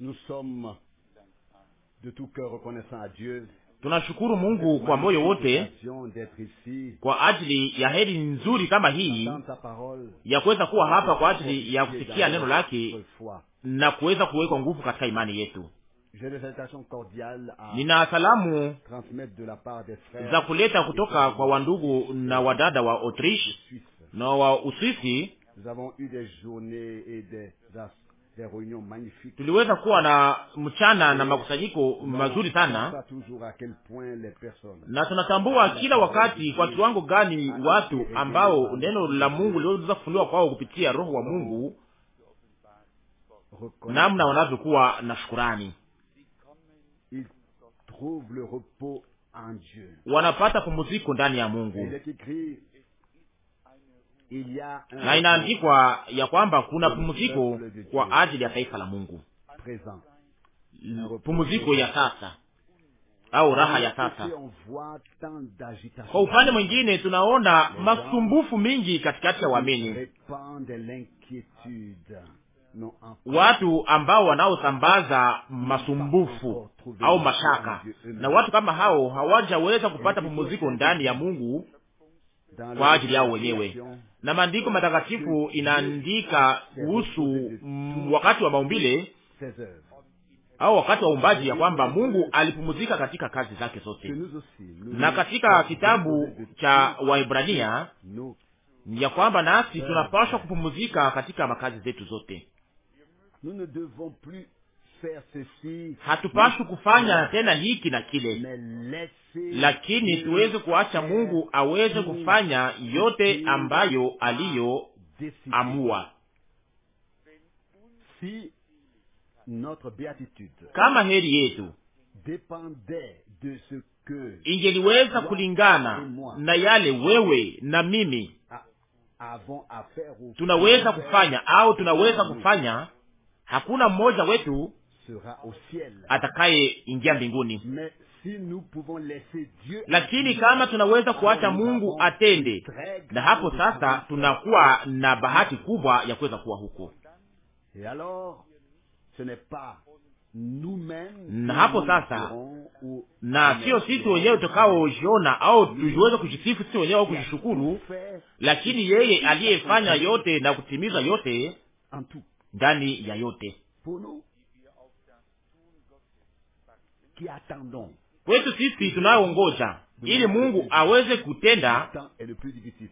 Nous sommes de tout cœur reconnaissants à Dieu tunashukuru Mungu kwa moyo wote kwa ajili ya heri nzuri kama hii ya kuweza kuwa hapa kwa ajili ya kusikia neno lake na kuweza kuwekwa nguvu katika imani yetu. Nina salamu za kuleta kutoka kwa wandugu na wadada wa Autriche na wa Uswisi tuliweza kuwa na mchana na makusanyiko mazuri sana, na tunatambua kila wakati kwa kiwango gani watu ambao neno la Mungu liweza kufunuliwa kwao kupitia Roho wa Mungu, namna wanavyokuwa na shukurani, wanapata pumziko ndani ya Mungu na inaandikwa ya kwamba kuna pumziko kwa ajili ya taifa la Mungu, pumziko ya sasa au raha ya sasa. Kwa upande mwingine, tunaona masumbufu mingi katikati ya waamini, watu ambao wanaosambaza masumbufu au mashaka, na watu kama hao hawajaweza kupata pumziko ndani ya Mungu kwa ajili yao wenyewe na maandiko matakatifu inaandika kuhusu wakati wa maumbile au wakati wa umbaji ya kwamba Mungu alipumzika katika kazi zake zote, na katika kitabu cha Waibrania ya kwamba nasi tunapaswa kupumzika katika makazi zetu zote. Hatupaswi kufanya tena hiki na kile, lakini tuweze kuacha Mungu aweze kufanya yote ambayo aliyoamua. Kama heri yetu ingeliweza kulingana na yale wewe na mimi tunaweza kufanya au tunaweza kufanya, hakuna mmoja wetu atakayeingia mbinguni. Lakini kama tunaweza kuacha Mungu atende, na hapo sasa tunakuwa na bahati kubwa ya kuweza kuwa huko, na hapo sasa, na sio sisi wenyewe tutakaojiona au tuweze kujisifu sisi wenyewe au kujishukuru, lakini yeye aliyefanya yote na kutimiza yote ndani ya yote Kwetu sisi tunayongoja ili Mungu aweze kutenda.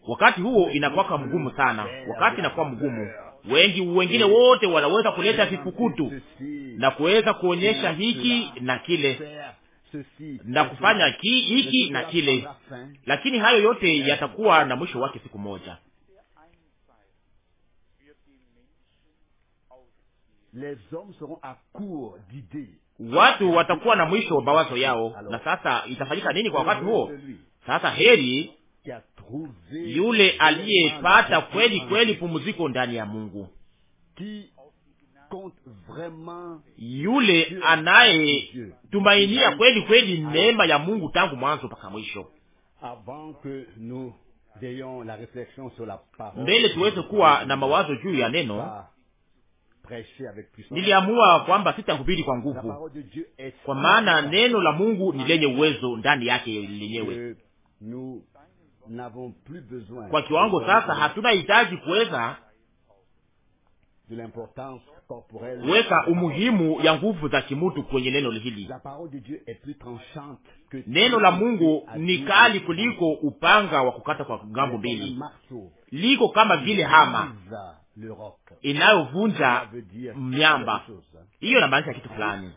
Wakati huo inakuwa mgumu sana, wakati inakuwa mgumu. Wengi wengine wote wanaweza kuleta vifukutu na kuweza kuonyesha hiki na kile na kufanya ki, hiki na kile, lakini hayo yote yatakuwa na mwisho wake siku moja. Les hommes seront à court d'idées watu watakuwa na mwisho wa mawazo yao. Na sasa itafanyika nini kwa wakati huo? Sasa heri yule aliyepata kweli kweli pumziko ndani ya Mungu, yule anayetumainia kweli kweli neema ya Mungu tangu mwanzo mpaka mwisho. Mbele tuweze kuwa na mawazo juu ya neno niliamua kwamba sitahubiri kwa nguvu, kwa maana neno la Mungu ni lenye uwezo ndani yake lenyewe kwa kiwango sasa, hatuna hitaji kuweza kuweka umuhimu ya nguvu za kimutu kwenye neno hili. Neno la Mungu ni kali kuliko upanga wa kukata kwa ngambo mbili, liko kama vile hama inayovunja miamba. Hiyo inamaanisha kitu fulani.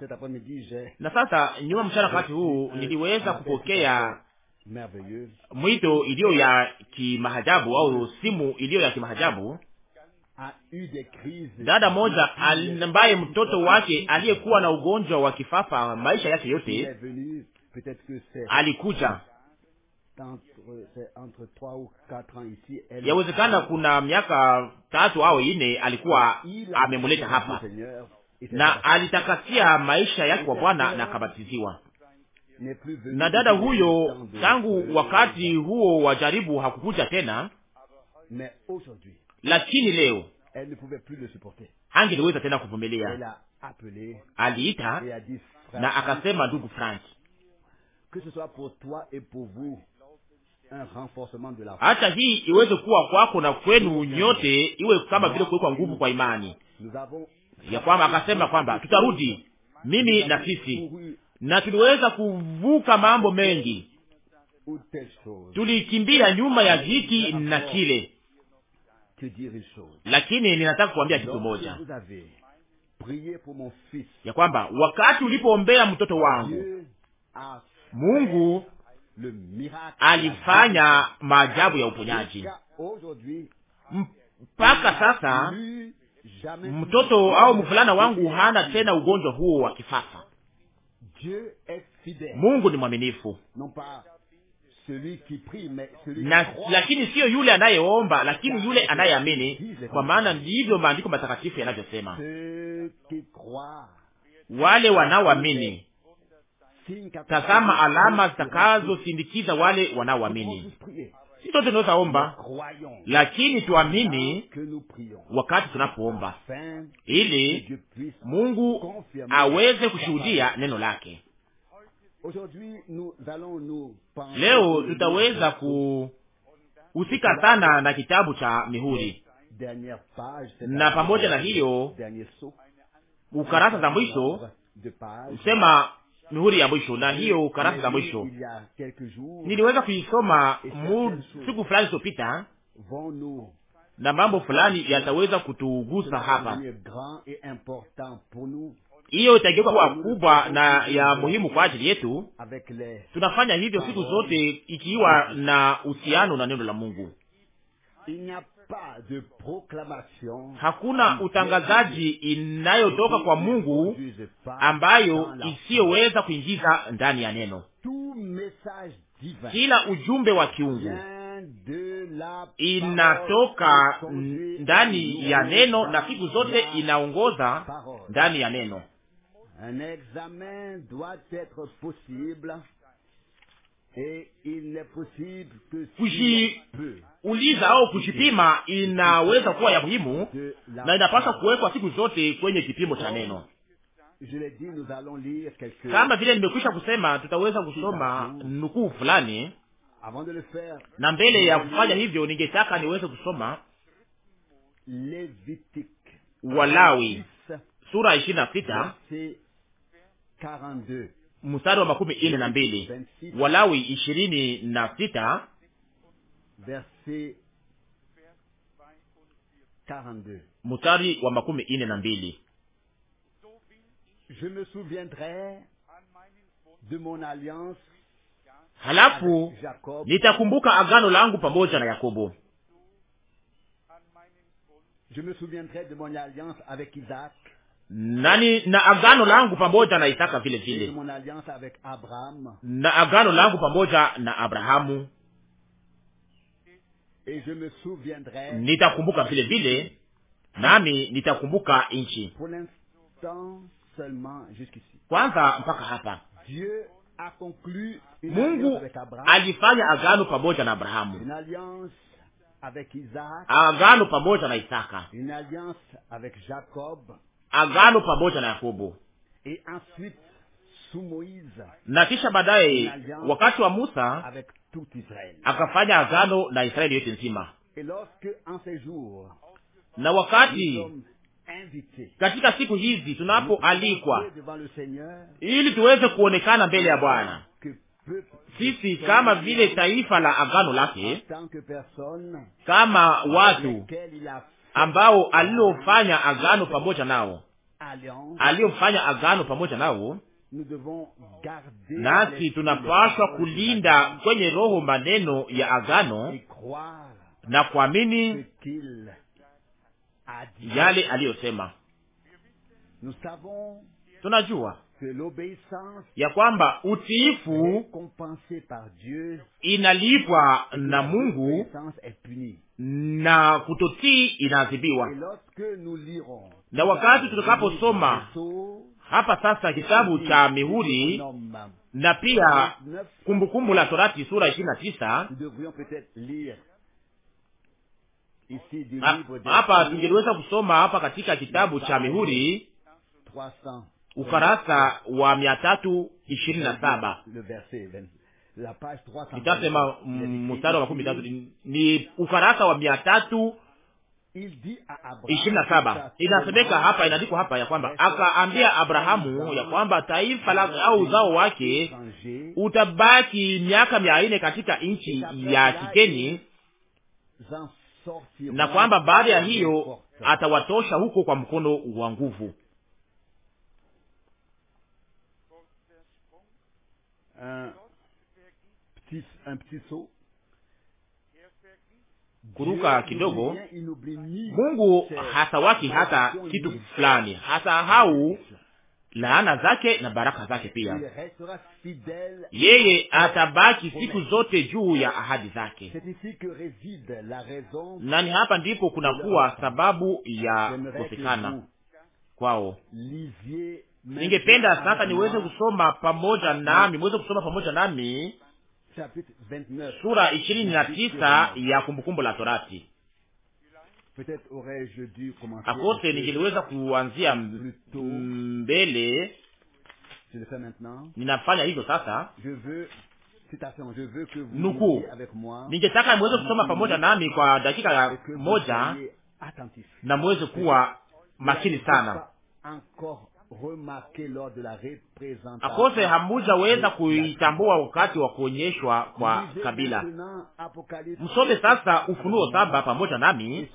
Na sasa nyuma mchana, wakati huu niliweza kupokea mwito iliyo ya kimahajabu au simu iliyo ya kimahajabu. Dada moja ambaye mtoto wake aliyekuwa na ugonjwa wa kifafa maisha yake yote alikuja Yawezekana kuna miaka tatu au ine alikuwa amemuleta hapa na alitakasia maisha yake kwa Bwana na akabatiziwa. Na dada huyo tangu wakati huo wa jaribu hakukuja tena, lakini leo angeliweza tena kuvumilia. Aliita na akasema, ndugu Frank, hata hii iweze kuwa kwako na kwenu nyote, iwe kama vile kuwekwa nguvu kwa imani ya kwamba, akasema kwamba tutarudi mimi na sisi, na tuliweza kuvuka mambo mengi, tulikimbia nyuma ya hiki na kile, lakini ninataka kuambia kitu moja ya kwamba wakati ulipoombea mtoto wangu Mungu alifanya maajabu ya uponyaji mpaka sasa. Mtoto au mvulana wangu hana tena ugonjwa huo wa kifafa. Mungu ni mwaminifu na lakini siyo yule anayeomba, lakini yule anayeamini, kwa maana ndivyo maandiko matakatifu yanavyosema, wale wanaoamini Tazama alama zitakazosindikiza wale wanaoamini. Si sote tunaweza omba, lakini tuamini wakati tunapoomba, ili Mungu aweze kushuhudia neno lake. Leo tutaweza kuhusika sana na kitabu cha mihuri, na pamoja na hiyo ukarasa za mwisho sema mihuri ya mwisho na hiyo ukarasa za mwisho uh, niliweza kuisoma siku fulani zilizopita, na mambo fulani yataweza kutugusa hapa. Hiyo itageuka kuwa kubwa na ya muhimu kwa ajili yetu. Tunafanya hivyo siku zote ikiwa na uhusiano na neno la Mungu. Hakuna utangazaji inayotoka kwa Mungu ambayo isiyoweza kuingiza ndani ya neno. Kila ujumbe wa kiungu inatoka ndani ya neno na siku zote inaongoza ndani ya neno kujiuliza au kujipima inaweza kuwa ya muhimu na inapaswa kuwekwa siku zote kwenye kipimo cha oh. neno. Kama vile nimekwisha kusema, tutaweza kusoma nukuu fulani, na mbele ya kufanya hivyo, ningetaka niweze kusoma Walawi sura ishirini na sita mstari wa makumi ine na mbili Walawi ishirini na sita mstari wa makumi ine na mbili Je me souviendrai de mon alliance Halafu nitakumbuka agano langu pamoja na Yakobo. Je me souviendrai de mon alliance avec Isaac nani na agano langu pamoja na Isaka vile vile, na agano langu pamoja na Abrahamu nitakumbuka vile vile, nami nitakumbuka nchi. Kwanza mpaka hapa Mungu alifanya agano pamoja na Abrahamu, agano pamoja na Isaka, agano pamoja na Yakobo na kisha baadaye wakati wa Musa akafanya agano na Israeli yote nzima. Na wakati katika siku hizi tunapoalikwa ili tuweze kuonekana mbele ya Bwana, sisi kama vile taifa la agano lake, kama watu ambao aliofanya agano pamoja nao, aliyofanya agano pamoja nao. Nasi tunapaswa kulinda kwenye roho maneno ya agano na kuamini yale aliyosema. Tunajua ya kwamba utiifu inalipwa na Mungu na kutotii inaadhibiwa. Na wakati tutakaposoma hapa sasa kitabu cha mihuri na pia Kumbukumbu la Torati sura ishirini na tisa ah, hapa tungeliweza kusoma hapa katika kitabu cha mihuri ukarasa wa mia tatu ishirini na saba nitasema mm, mstari wa makumi tatu ni ukarasa wa mia tatu ishirini na saba inasemeka hapa, inaandikwa hapa ya kwamba akaambia Abrahamu ya kwamba taifa la au uzao wake utabaki miaka mia nne katika nchi ya Kikeni, na kwamba baada ya hiyo atawatosha huko kwa mkono wa nguvu. un petit, un petit saut. kuruka kidogo, Mungu hasawaki hata kitu fulani, hasahau laana zake na baraka zake pia. Yeye atabaki siku zote juu ya ahadi zake, na ni hapa ndipo kunakuwa sababu ya kosekana kwao. Ningependa sasa niweze kusoma pamoja nami, mweze kusoma pamoja nami sura ishirini na tisa ya Kumbukumbu la Torati. Akose ningeliweza kuanzia mbele, ninafanya hivyo sasa. Nuku, ningetaka mweze kusoma pamoja nami kwa dakika moja, na mweze kuwa makini sana akose hamuja weza kuitambua wakati wa kuonyeshwa kwa kabila. Msome sasa Ufunuo saba pamoja nami,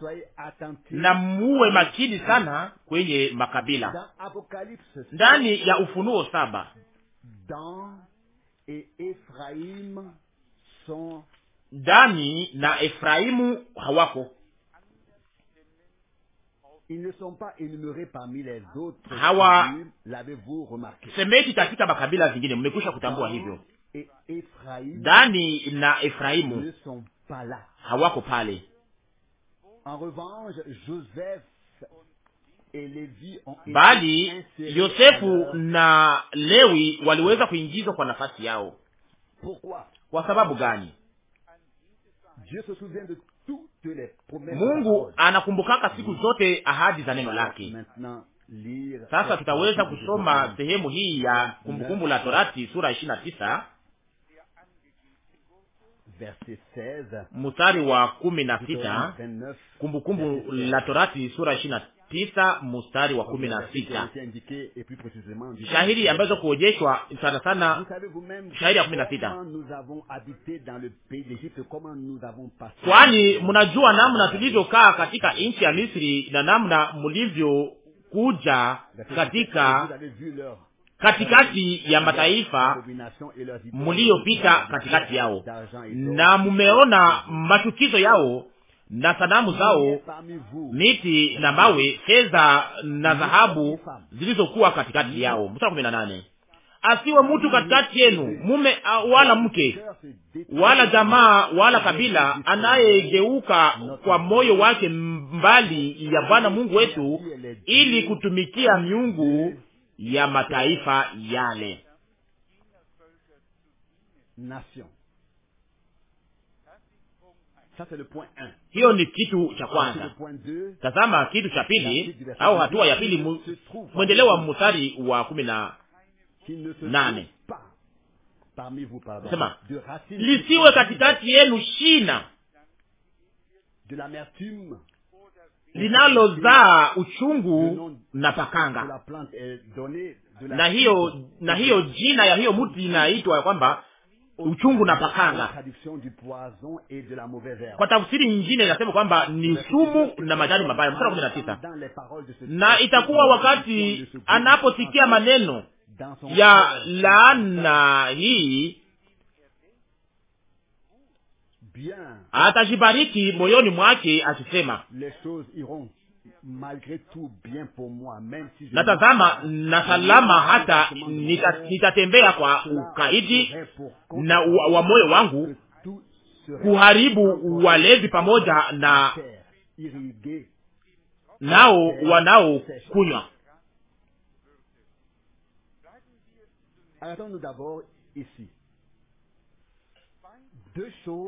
na muwe makini sana kwenye makabila ndani ya Ufunuo saba Dani na Efraimu hawako hawasemeki katika makabila zingine. Mmekwisha kutambua hivyo. Dani na Efraimu hawako pale. Bali Yosefu na Lewi waliweza kuingizwa kwa nafasi yao. Kwa sababu gani? Mungu anakumbukaka siku zote ahadi za neno lake. Sasa tutaweza kusoma sehemu hii ya Kumbukumbu la Torati sura ishirini na tisa mstari wa kumi na sita Kumbukumbu la Torati sura ishirini na tisa mustari wa kumi na sita shahiri ambazo kuonyeshwa sana sana, shahiri ya kumi na sita kwani mnajua namna tulivyokaa katika nchi ya Misri na namna mlivyokuja katika katikati ya mataifa mliyopita katikati yao, na mmeona machukizo yao na sanamu zao, miti na mawe, fedha na dhahabu zilizokuwa katikati yao. Mstari kumi na nane asiwe mtu katikati yenu mume wala mke wala jamaa wala kabila anayegeuka kwa moyo wake mbali ya Bwana Mungu wetu ili kutumikia miungu ya mataifa yale. Hiyo ni kitu cha kwanza. Tazama kitu cha pili au hatua ya pili, mwendeleo wa mstari wa kumi na nane sema, lisiwe katikati yenu shina linalozaa uchungu na pakanga, na hiyo na hiyo jina ya hiyo mti inaitwa ya kwamba uchungu na pakanga. Kwa tafsiri nyingine inasema kwamba ni sumu na majani mabaya. Mstari kumi na tisa, na itakuwa wakati anaposikia maneno ya laana hii atajibariki moyoni mwake akisema na tazama, na salama hata nitatembea nita kwa ukaidi na wa moyo wangu kuharibu walevi pamoja na nao wanao kunywa.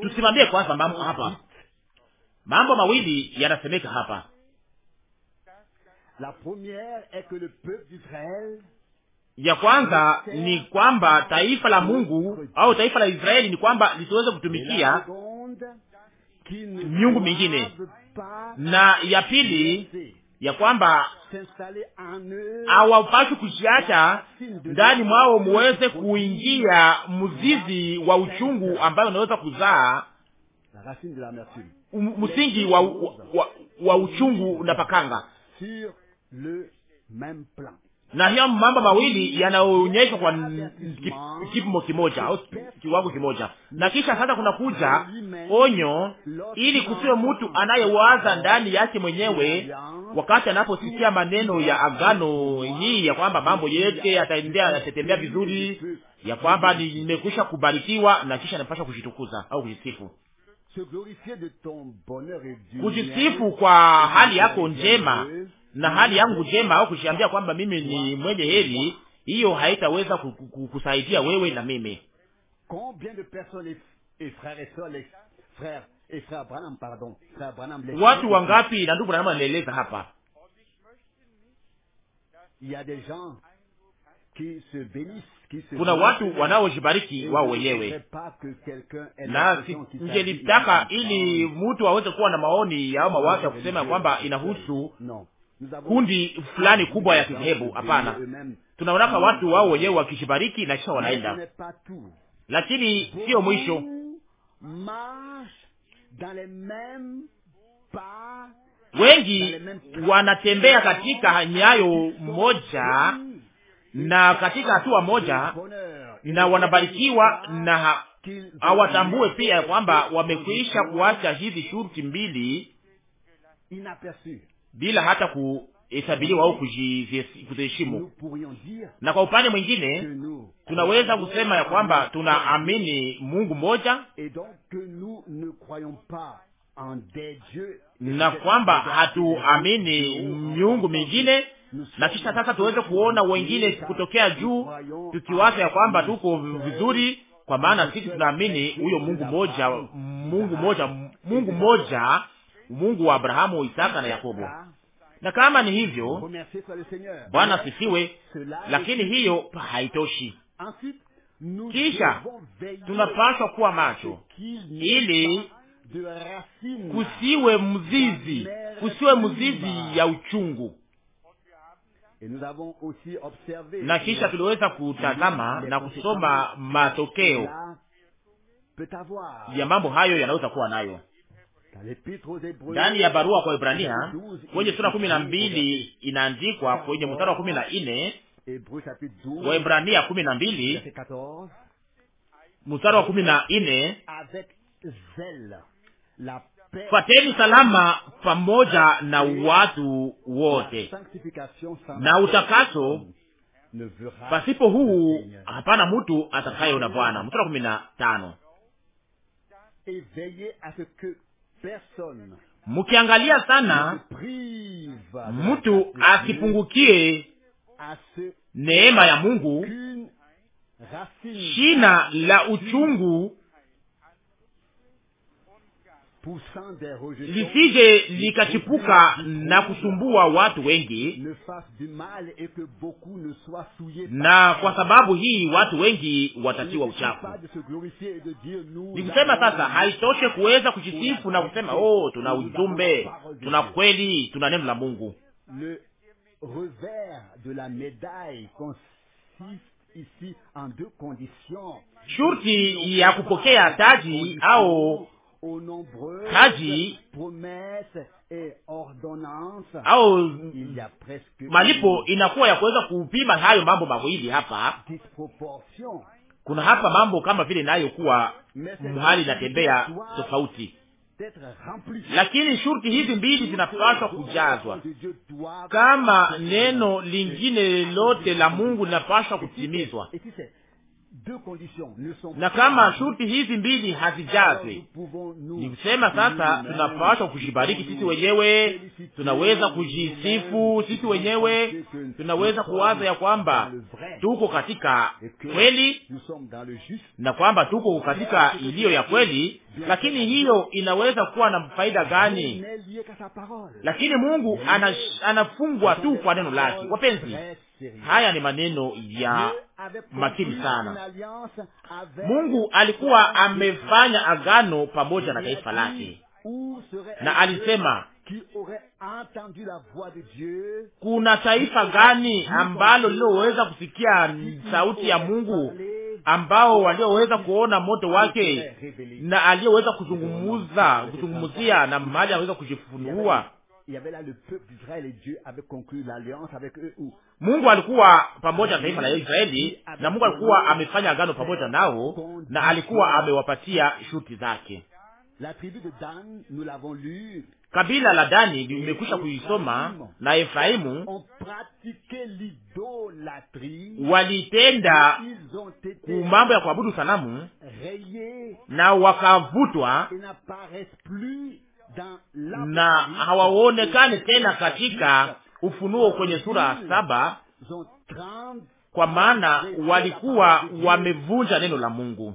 Tusimamie kwanza mambo hapa. Mambo mawili yanasemeka hapa ya kwanza ni kwamba taifa la Mungu au taifa la Israeli ni kwamba lisiweze kutumikia miungu mingine, na ya pili ya kwamba hawapaswi kujiacha ndani mwao muweze kuingia mzizi wa uchungu ambayo unaweza kuzaa um, msingi wa, wa, wa uchungu unapakanga na hiyo mambo mawili yanaonyeshwa kwa kipimo kimoja au kiwango kimoja. Na kisha sasa kuna kuja onyo, ili kusiwe mtu anayewaza ndani yake mwenyewe wakati anaposikia maneno ya agano hii ya kwamba mambo yote yataendea yatatembea vizuri, ya kwamba nimekwisha kubarikiwa, na kisha napasha kujitukuza au kujisifu kujisifu kwa hali yako njema na hali yangu njema au kushiambia kwamba mimi ni mwenye heri, hiyo haitaweza kusaidia wewe na mimi. Watu wangapi na ndugu Branham alieleza hapa kuna watu wanaojibariki wao wenyewe, na ningelitaka ili mtu aweze kuwa na maoni au mawazo ya kusema kwamba inahusu kundi fulani kubwa ya kidhehebu. Hapana, tunaonaka watu wao wenyewe wakishibariki na kisha wanaenda, lakini sio mwisho. Wengi wanatembea katika nyayo moja na katika hatua moja, na wanabarikiwa na hawatambue pia kwamba wamekwisha kuacha hizi shurti mbili bila hata kuhesabiliwa au kuziheshimu. Na kwa upande mwingine tunaweza kusema ya kwamba tunaamini Mungu mmoja na kwamba hatuamini miungu mingine na kisha sasa tuweze kuona wengine kutokea juu tukiwaza ya kwamba tuko vizuri, kwa maana sisi tunaamini huyo Mungu moja, Mungu moja, Mungu moja Mungu wa Abrahamu, Isaka na Yakobo. Na kama ni hivyo, Bwana sifiwe, lakini hiyo haitoshi. Kisha tunapaswa kuwa macho ili kusiwe mzizi, kusiwe mzizi ya uchungu. Na kisha tuliweza kutazama na kusoma matokeo ya mambo hayo yanaweza kuwa nayo ndani ya barua kwa Ibrania kwenye sura kumi na mbili inaandikwa kwenye mstari wa kumi na nne wa Ibrania kumi na mbili mstari wa kumi na nne fateni salama pamoja na watu wote, na utakaso pasipo huu hapana mtu atakayeona Bwana. Mstari wa kumi na tano mukiangalia sana mtu akipungukie neema ya Mungu, shina la uchungu lisije likachipuka na kusumbua watu wengi, na kwa sababu hii watu wengi watatiwa uchafu. Ni kusema sasa, haitoshe kuweza kujisifu na kusema oh, tuna ujumbe, tuna kweli, tuna neno la Mungu. Shurti ya kupokea taji au kazi au malipo inakuwa ya kuweza kupima hayo mambo mawili. Hapa kuna hapa mambo kama vile inayokuwa mhali inatembea tofauti, lakini shurti hizi mbili zinapaswa kujazwa, kama neno lingine lote la Mungu linapaswa kutimizwa na kama shurti hizi mbili hazijaze, ni kusema sasa tunapaswa kujibariki sisi wenyewe, tunaweza kujisifu sisi wenyewe, tunaweza kuwaza ya kwamba tuko katika kweli na kwamba tuko katika iliyo ya kweli lakini hiyo inaweza kuwa na faida gani? Lakini Mungu anafungwa tu kwa neno lake. Wapenzi, haya ni maneno ya makini sana. Mungu alikuwa amefanya agano pamoja na taifa lake, na alisema kuna taifa gani ambalo liloweza kusikia sauti ya Mungu, ambao walioweza kuona moto wake na aliyeweza kuzungumuza kuzungumuzia na mali aweza kujifunua? Mungu alikuwa pamoja na taifa la Israeli, na Mungu alikuwa amefanya agano pamoja nao, na alikuwa amewapatia shuti zake. Kabila la Dani limekwisha kuisoma, na Efraimu walitenda kumambo ya kuabudu sanamu na wakavutwa na hawaonekane tena katika Ufunuo kwenye sura saba, kwa maana walikuwa wamevunja neno la Mungu.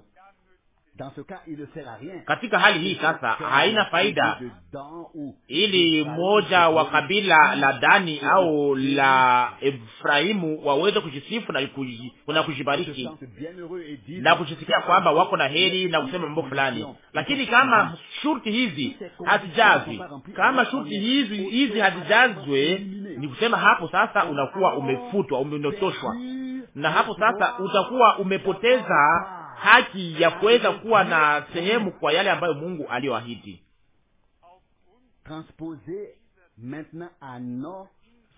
Katika hali hii sasa haina faida ili mmoja wa kabila la Dani au la Efraimu waweze kujisifu na kujibariki na kujisikia kwamba wako na heri na kusema mambo fulani, lakini kama shurti hizi hazijazwi, kama shurti hizi hizi hazijazwe, ni kusema hapo sasa unakuwa umefutwa, umenotoshwa, na hapo sasa utakuwa umepoteza haki ya kuweza kuwa na sehemu kwa yale ambayo Mungu aliyoahidi.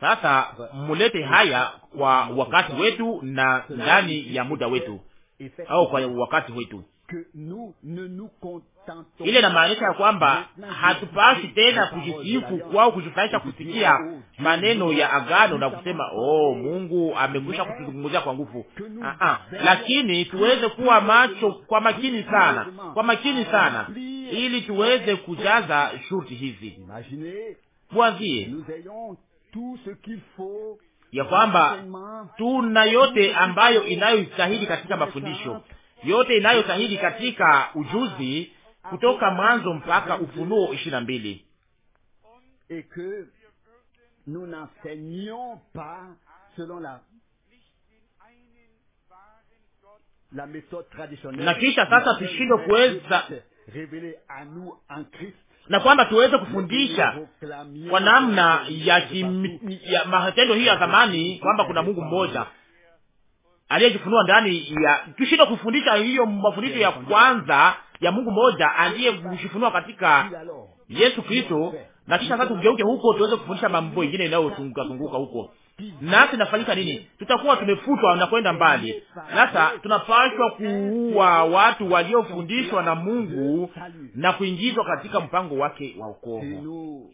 Sasa mulete haya kwa wakati wetu na ndani ya muda wetu au kwa wakati wetu. Ile inamaanisha ya kwamba hatupasi tena kujisifu kwao kujifurahisha kusikia maneno ya agano na kusema oh, Mungu amekwisha kutuzungumzia kwa nguvu. Ah, ah. lakini tuweze kuwa macho kwa makini sana, kwa makini sana, ili tuweze kujaza shurti hizi. Mwazie ya kwamba tuna yote ambayo inayostahili katika mafundisho yote inayostahili katika ujuzi kutoka Mwanzo mpaka Ufunuo ishirini na mbili na kisha sasa tushindwe kuweza na kwamba tuweze kufundisha kwa namna ya, ya matendo hiyo ya zamani kwamba kuna Mungu mmoja aliyejifunua ndani ya tushindwa kufundisha hiyo mafundisho ya kwanza ya Mungu mmoja aliyejifunua katika Yesu Kristo, na kisha sasa tugeuke huko tuweze kufundisha mambo mengine yanayozunguka zunguka huko. Nasi tunafanyika nini? Tutakuwa tumefutwa na kwenda mbali. Sasa tunapaswa kuua watu waliofundishwa na Mungu na kuingizwa katika mpango wake wa wokovu.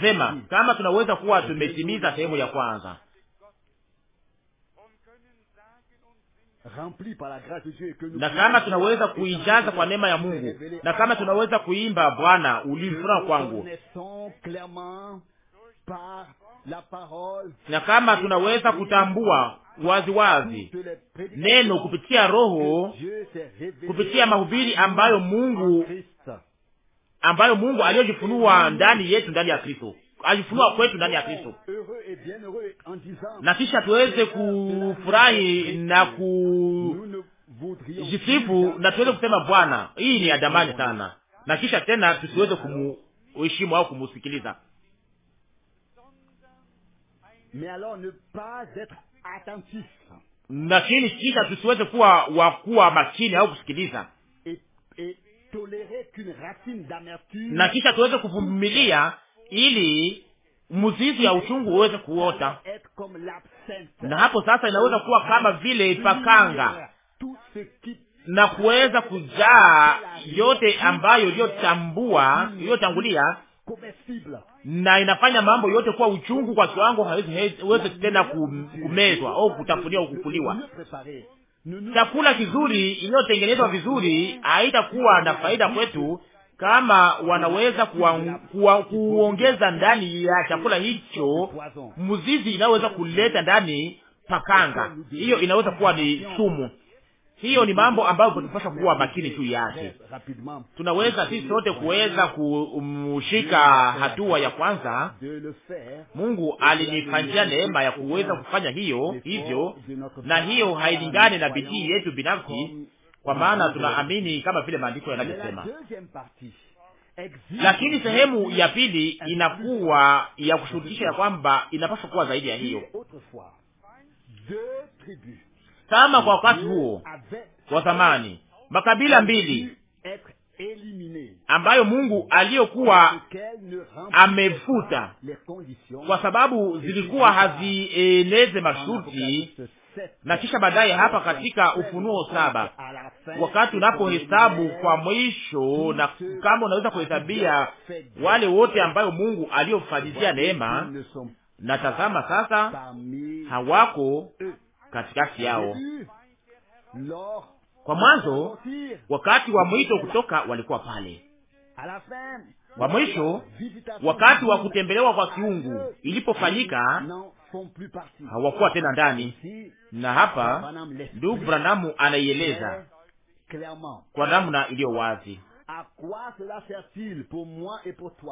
Sema kama tunaweza kuwa tumetimiza sehemu ya kwanza na kama tunaweza kuijaza kwa neema ya Mungu, na kama tunaweza kuimba Bwana ulifuraha kwangu, na kama tunaweza kutambua waziwazi wazi neno kupitia Roho, kupitia mahubiri ambayo Mungu ambayo Mungu aliyojifunua ndani yetu ndani ya Kristo ajifunua kwetu ndani ya Kristo, na kisha tuweze kufurahi na kujisifu na tuweze kusema Bwana, hii ni adamani sana, na kisha tena tusiweze kumuheshimu au kumusikiliza lakini kisha tusiweze kuwa wakuwa makini au kusikiliza, na kisha tuweze kuvumilia ili mzizi ya uchungu uweze kuota, na hapo sasa inaweza kuwa kama vile ipakanga na kuweza kujaa yote ambayo iliyotambua iliyotangulia, na inafanya mambo yote kuwa uchungu kwa kiwango haiwezi tena kumezwa au kutafuniwa au kukuliwa. Chakula kizuri iliyotengenezwa vizuri haitakuwa na faida kwetu kama wanaweza kuongeza ndani ya chakula hicho mzizi inayoweza kuleta ndani pakanga, hiyo inaweza kuwa ni sumu. Hiyo ni mambo ambayo tunapaswa kuwa makini juu yake. Tunaweza sisi sote kuweza kumshika hatua ya kwanza. Mungu alinifanyia neema ya kuweza kufanya hiyo hivyo, na hiyo hailingani na bidii yetu binafsi, kwa maana tunaamini kama vile maandiko yanavyosema. Lakini sehemu ya pili inakuwa ya kushurutisha ya kwamba inapaswa kuwa zaidi ya hiyo. Kama kwa wakati huo wa zamani makabila mbili ambayo Mungu aliyokuwa amefuta kwa sababu zilikuwa hazieneze masharti na kisha baadaye hapa katika Ufunuo saba wakati unapohesabu kwa mwisho, na kama unaweza kuhesabia wale wote ambayo Mungu aliyofadhizia neema, na tazama sasa hawako katikati yao. Kwa mwanzo, wakati wa mwito kutoka, walikuwa pale kwa mwisho, wakati wa kutembelewa kwa kiungu ilipofanyika, hawakuwa tena ndani. Na hapa ndugu Branamu anaieleza kwa namna iliyo wazi.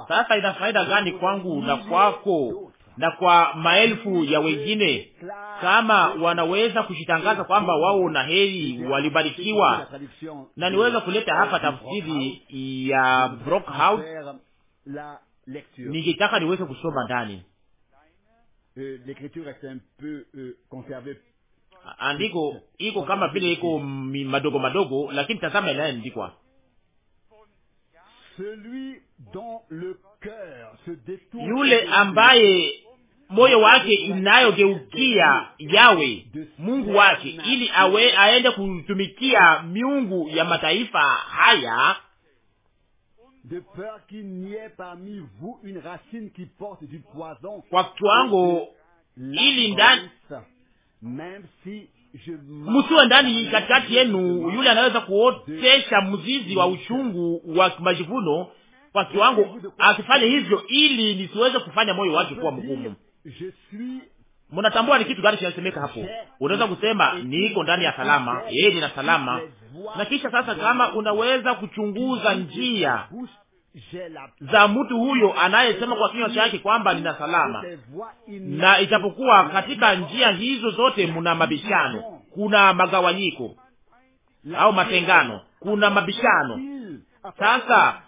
Sasa ina faida gani kwangu na kwako na kwa maelfu ya wengine kama wanaweza kushitangaza kwamba wao na heri walibarikiwa? Na niweza kuleta hapa tafsiri ya Brockhaus, ningetaka niweze kusoma ndani Euh, l'Écriture est un peu euh, conservée andiko ah, ah, iko kama vile iko madogo madogo, lakini tazama détourne, yule ambaye moyo wake inayogeukia yawe Mungu wake ili awe aende kutumikia miungu ya mataifa haya De peur qu'il n'y ait parmi vous une racine qui porte du poison. Kwa kiwango ili ndani msiwe ndani katikati yenu, yule anaweza kuotesha mzizi wa uchungu wa majivuno kwa kiwango akifanya hivyo, ili nisiweze kufanya moyo wake kuwa mgumu. Mnatambua ni kitu gani kinasemeka hapo? Unaweza kusema niko ndani ya salama, yeye nina salama, na kisha sasa, kama unaweza kuchunguza njia za mtu huyo anayesema kwa kinywa chake kwamba nina salama, na ijapokuwa katika njia hizo zote muna mabishano, kuna magawanyiko au matengano, kuna mabishano sasa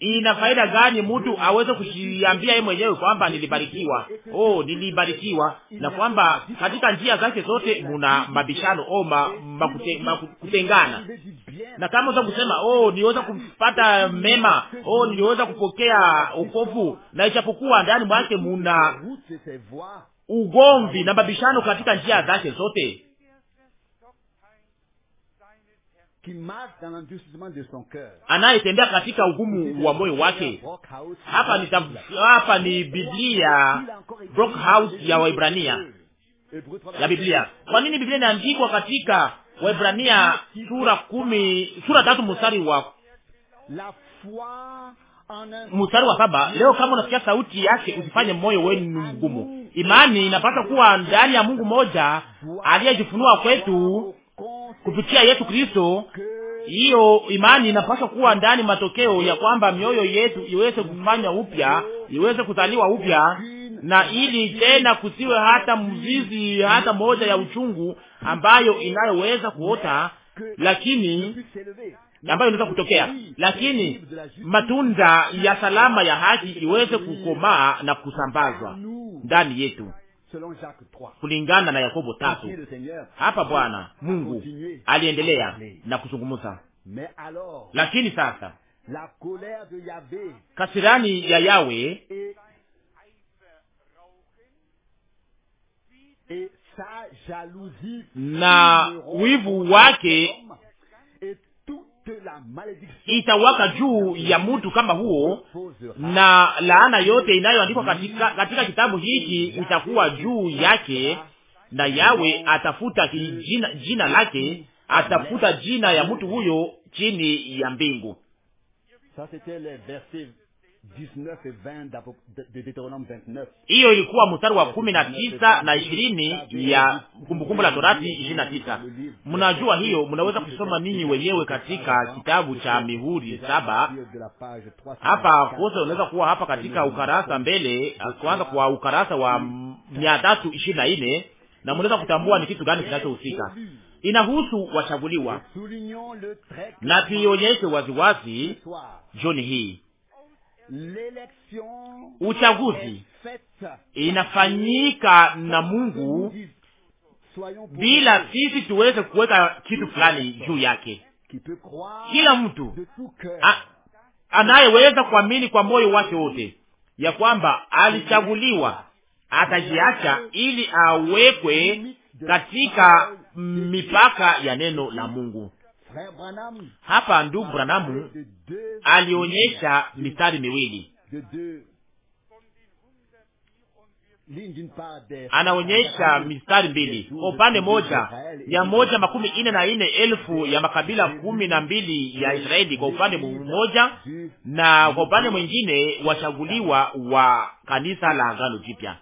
ina faida gani mtu aweze kujiambia yeye mwenyewe kwamba nilibarikiwa, oh, nilibarikiwa, na kwamba katika njia zake zote muna mabishano oh, ma, ma, kute, ma, kutengana. Na kama unaweza kusema oh, niweza kupata mema, oh, niliweza kupokea ukovu, na ichapokuwa ndani mwake muna ugomvi na mabishano katika njia zake zote anayetembea katika ugumu wa moyo wake. Hapa ni, hapa ni Biblia Brockhaus ya Waibrania ya Biblia. Kwa nini Biblia inaandikwa katika Waibrania sura kumi sura tatu mstari wa mstari wa saba Leo kama unasikia sauti yake, usifanye moyo wenu mgumu. Imani inapaswa kuwa ndani ya Mungu moja aliyejifunua kwetu kupitia Yesu Kristo. Hiyo imani inapaswa kuwa ndani, matokeo ya kwamba mioyo yetu iweze kufanywa upya, iweze kuzaliwa upya, na ili tena kusiwe hata mzizi hata moja ya uchungu ambayo inayoweza kuota, lakini ambayo inaweza kutokea, lakini matunda ya salama ya haki iweze kukomaa na kusambazwa ndani yetu kulingana na Yakobo tatu. Hapa Bwana Mungu aliendelea na kuzungumza, lakini sasa kasirani ya Yawe na wivu wake itawaka juu ya mtu kama huo, na laana yote inayoandikwa katika, katika kitabu hiki itakuwa juu yake, na yawe atafuta jina, jina lake atafuta jina ya mtu huyo chini ya mbingu. Hiyo ilikuwa mstari wa kumi na tisa na ishirini ya Kumbukumbu la Torati ishirini na tisa. Mnajua hiyo, mnaweza kusoma ninyi wenyewe katika kitabu cha mihuri saba hapa kosa, unaweza kuwa hapa katika ukarasa mbele, kwanza kwa ukarasa wa mia tatu ishirini na nne na mnaweza kutambua ni kitu gani kinachohusika. Inahusu wachaguliwa na tuionyeshe waziwazi jioni hii uchaguzi inafanyika na Mungu bila sisi tuweze kuweka kitu fulani juu yake. Kila mtu anayeweza kuamini kwa moyo wake wote ya kwamba alichaguliwa atajiacha ili awekwe katika mipaka ya neno la Mungu. Hapa ndugu Branamu alionyesha mistari miwili, anaonyesha mistari mbili. Upande moja ya moja makumi ine na ine elfu ya makabila kumi na mbili ya Israeli kwa upande mmoja, na kwa upande mwingine wachaguliwa wa kanisa la Agano Jipya.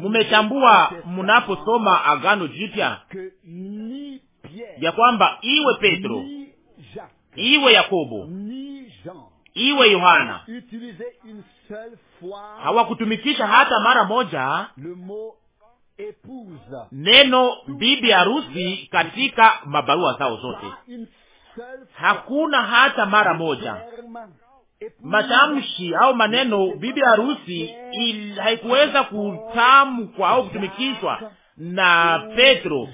Mumetambua munaposoma Agano Jipya ya kwamba iwe Petro, iwe Yakobo, iwe Yohana hawakutumikisha hata mara moja neno bibi harusi katika mabarua zao zote. Hakuna hata mara moja matamshi au maneno bibi harusi haikuweza kutamkwa au kutumikishwa na Petro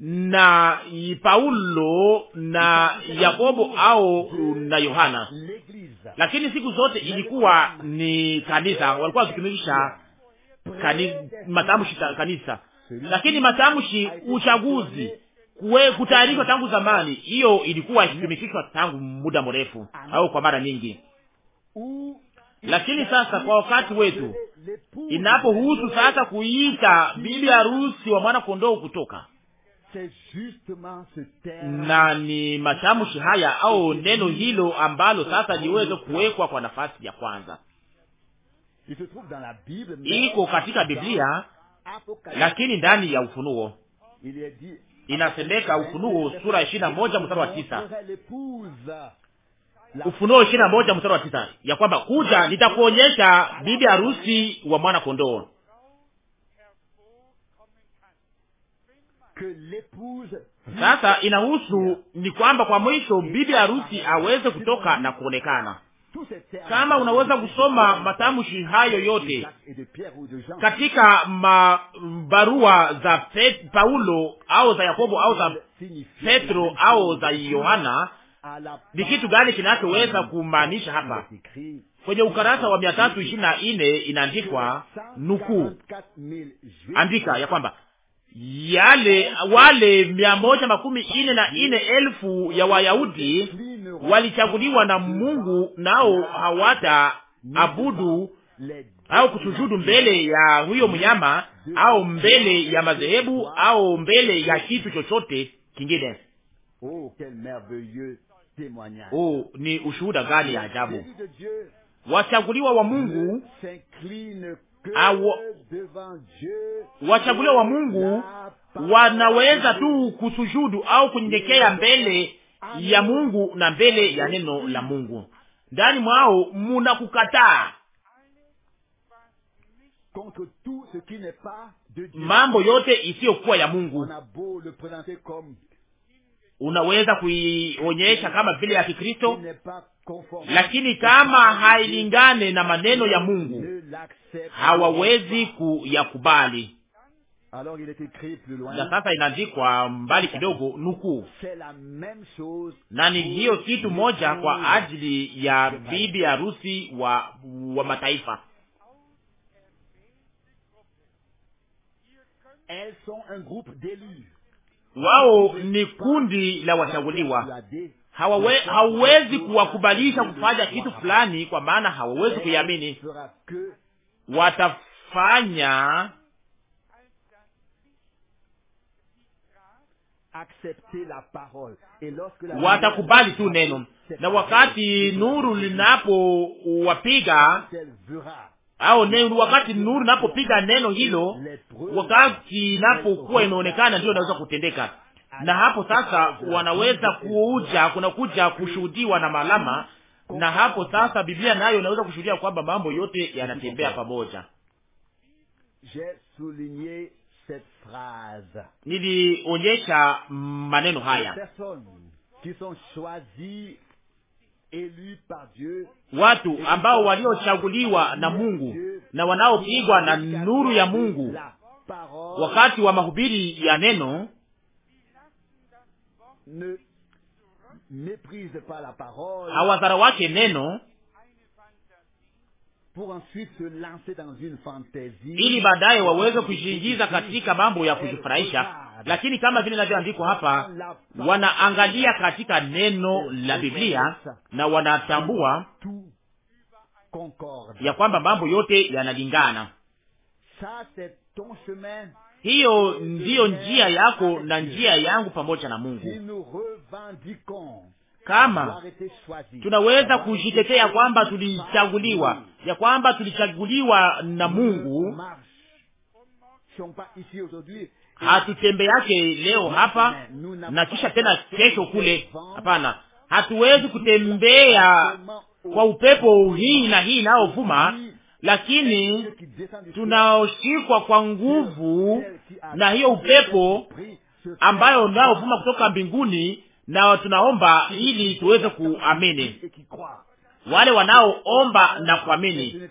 na Paulo na Yakobo au na Yohana, lakini siku zote ilikuwa ni kanisa, walikuwa wakitumikisha matamshi kanisa, lakini matamshi uchaguzi kuwe kutayarishwa tangu zamani, hiyo ilikuwa ikitumikishwa tangu muda mrefu au kwa mara nyingi lakini sasa kwa wakati wetu inapohusu sasa kuita bibi harusi wa mwana kondoo kutoka na ni matamshi haya au neno hilo ambalo sasa liweze kuwekwa kwa nafasi ya kwanza, iko katika Biblia, lakini ndani ya Ufunuo inasemeka, Ufunuo sura ishirini na moja mstari wa tisa Ufunuo ishirini na moja mstari wa tisa ya kwamba kuja nitakuonyesha bibi harusi wa mwana kondoo, sasa inahusu ni kwamba kwa mwisho bibi harusi aweze kutoka na kuonekana. Kama unaweza kusoma matamshi hayo yote katika mabarua za Paulo au za Yakobo au za Petro au za Yohana ni kitu gani kinachoweza kumaanisha hapa? Kwenye ukarasa wa mia tatu ishirini na nne inaandikwa nukuu, andika ya kwamba yale wale mia moja makumi ine na ine elfu ya Wayahudi walichaguliwa na Mungu, nao hawata abudu au kusujudu mbele ya huyo mnyama au mbele ya madhehebu au mbele ya kitu chochote kingine. Oh, Oh, ni ushuhuda gani ya ajabu! Wachaguliwa wa Mungu wachaguliwa wa Mungu wanaweza tu kusujudu au kunyenyekea mbele ya Mungu na mbele ya neno la Mungu. Ndani mwao muna kukataa mambo yote isiyokuwa ya Mungu unaweza kuionyesha kama vile ya Kikristo, lakini kama hailingane na maneno ya Mungu hawawezi kuyakubali. Na sasa inaandikwa mbali kidogo, nukuu, na ni hiyo kitu moja kwa ajili ya bibi harusi wa, wa mataifa wao ni kundi la washaguliwa, hauwezi kuwakubalisha kufanya kitu fulani, kwa maana hawawezi kuiamini. Watafanya watakubali tu neno, na wakati nuru linapowapiga au nuru, wakati nuru napopiga neno hilo, wakati inapokuwa imeonekana, ndio inaweza kutendeka. Na hapo sasa wanaweza kuuja kuna kuja, kushuhudiwa na malama na hapo sasa Biblia nayo inaweza kushuhudia kwamba mambo yote yanatembea pamoja. Nilionyesha maneno haya watu ambao waliochaguliwa na Mungu na wanaopigwa na nuru ya Mungu wakati wa mahubiri ya neno hawadharau wake neno ili baadaye waweze kujiingiza katika mambo ya kujifurahisha. Lakini kama vile inavyoandikwa hapa, wanaangalia katika neno la Biblia na wanatambua ya kwamba mambo yote yanalingana. Hiyo ndiyo njia yako na njia yangu pamoja na Mungu kama tunaweza kujitetea kwamba tulichaguliwa, ya kwamba tulichaguliwa na Mungu, hatutembeake yake leo hapa na kisha tena kesho kule. Hapana, hatuwezi kutembea kwa upepo hii na hii inayovuma, lakini tunaoshikwa kwa nguvu na hiyo upepo ambayo unaovuma kutoka mbinguni na tunaomba ili tuweze kuamini. Wale wanaoomba na kuamini,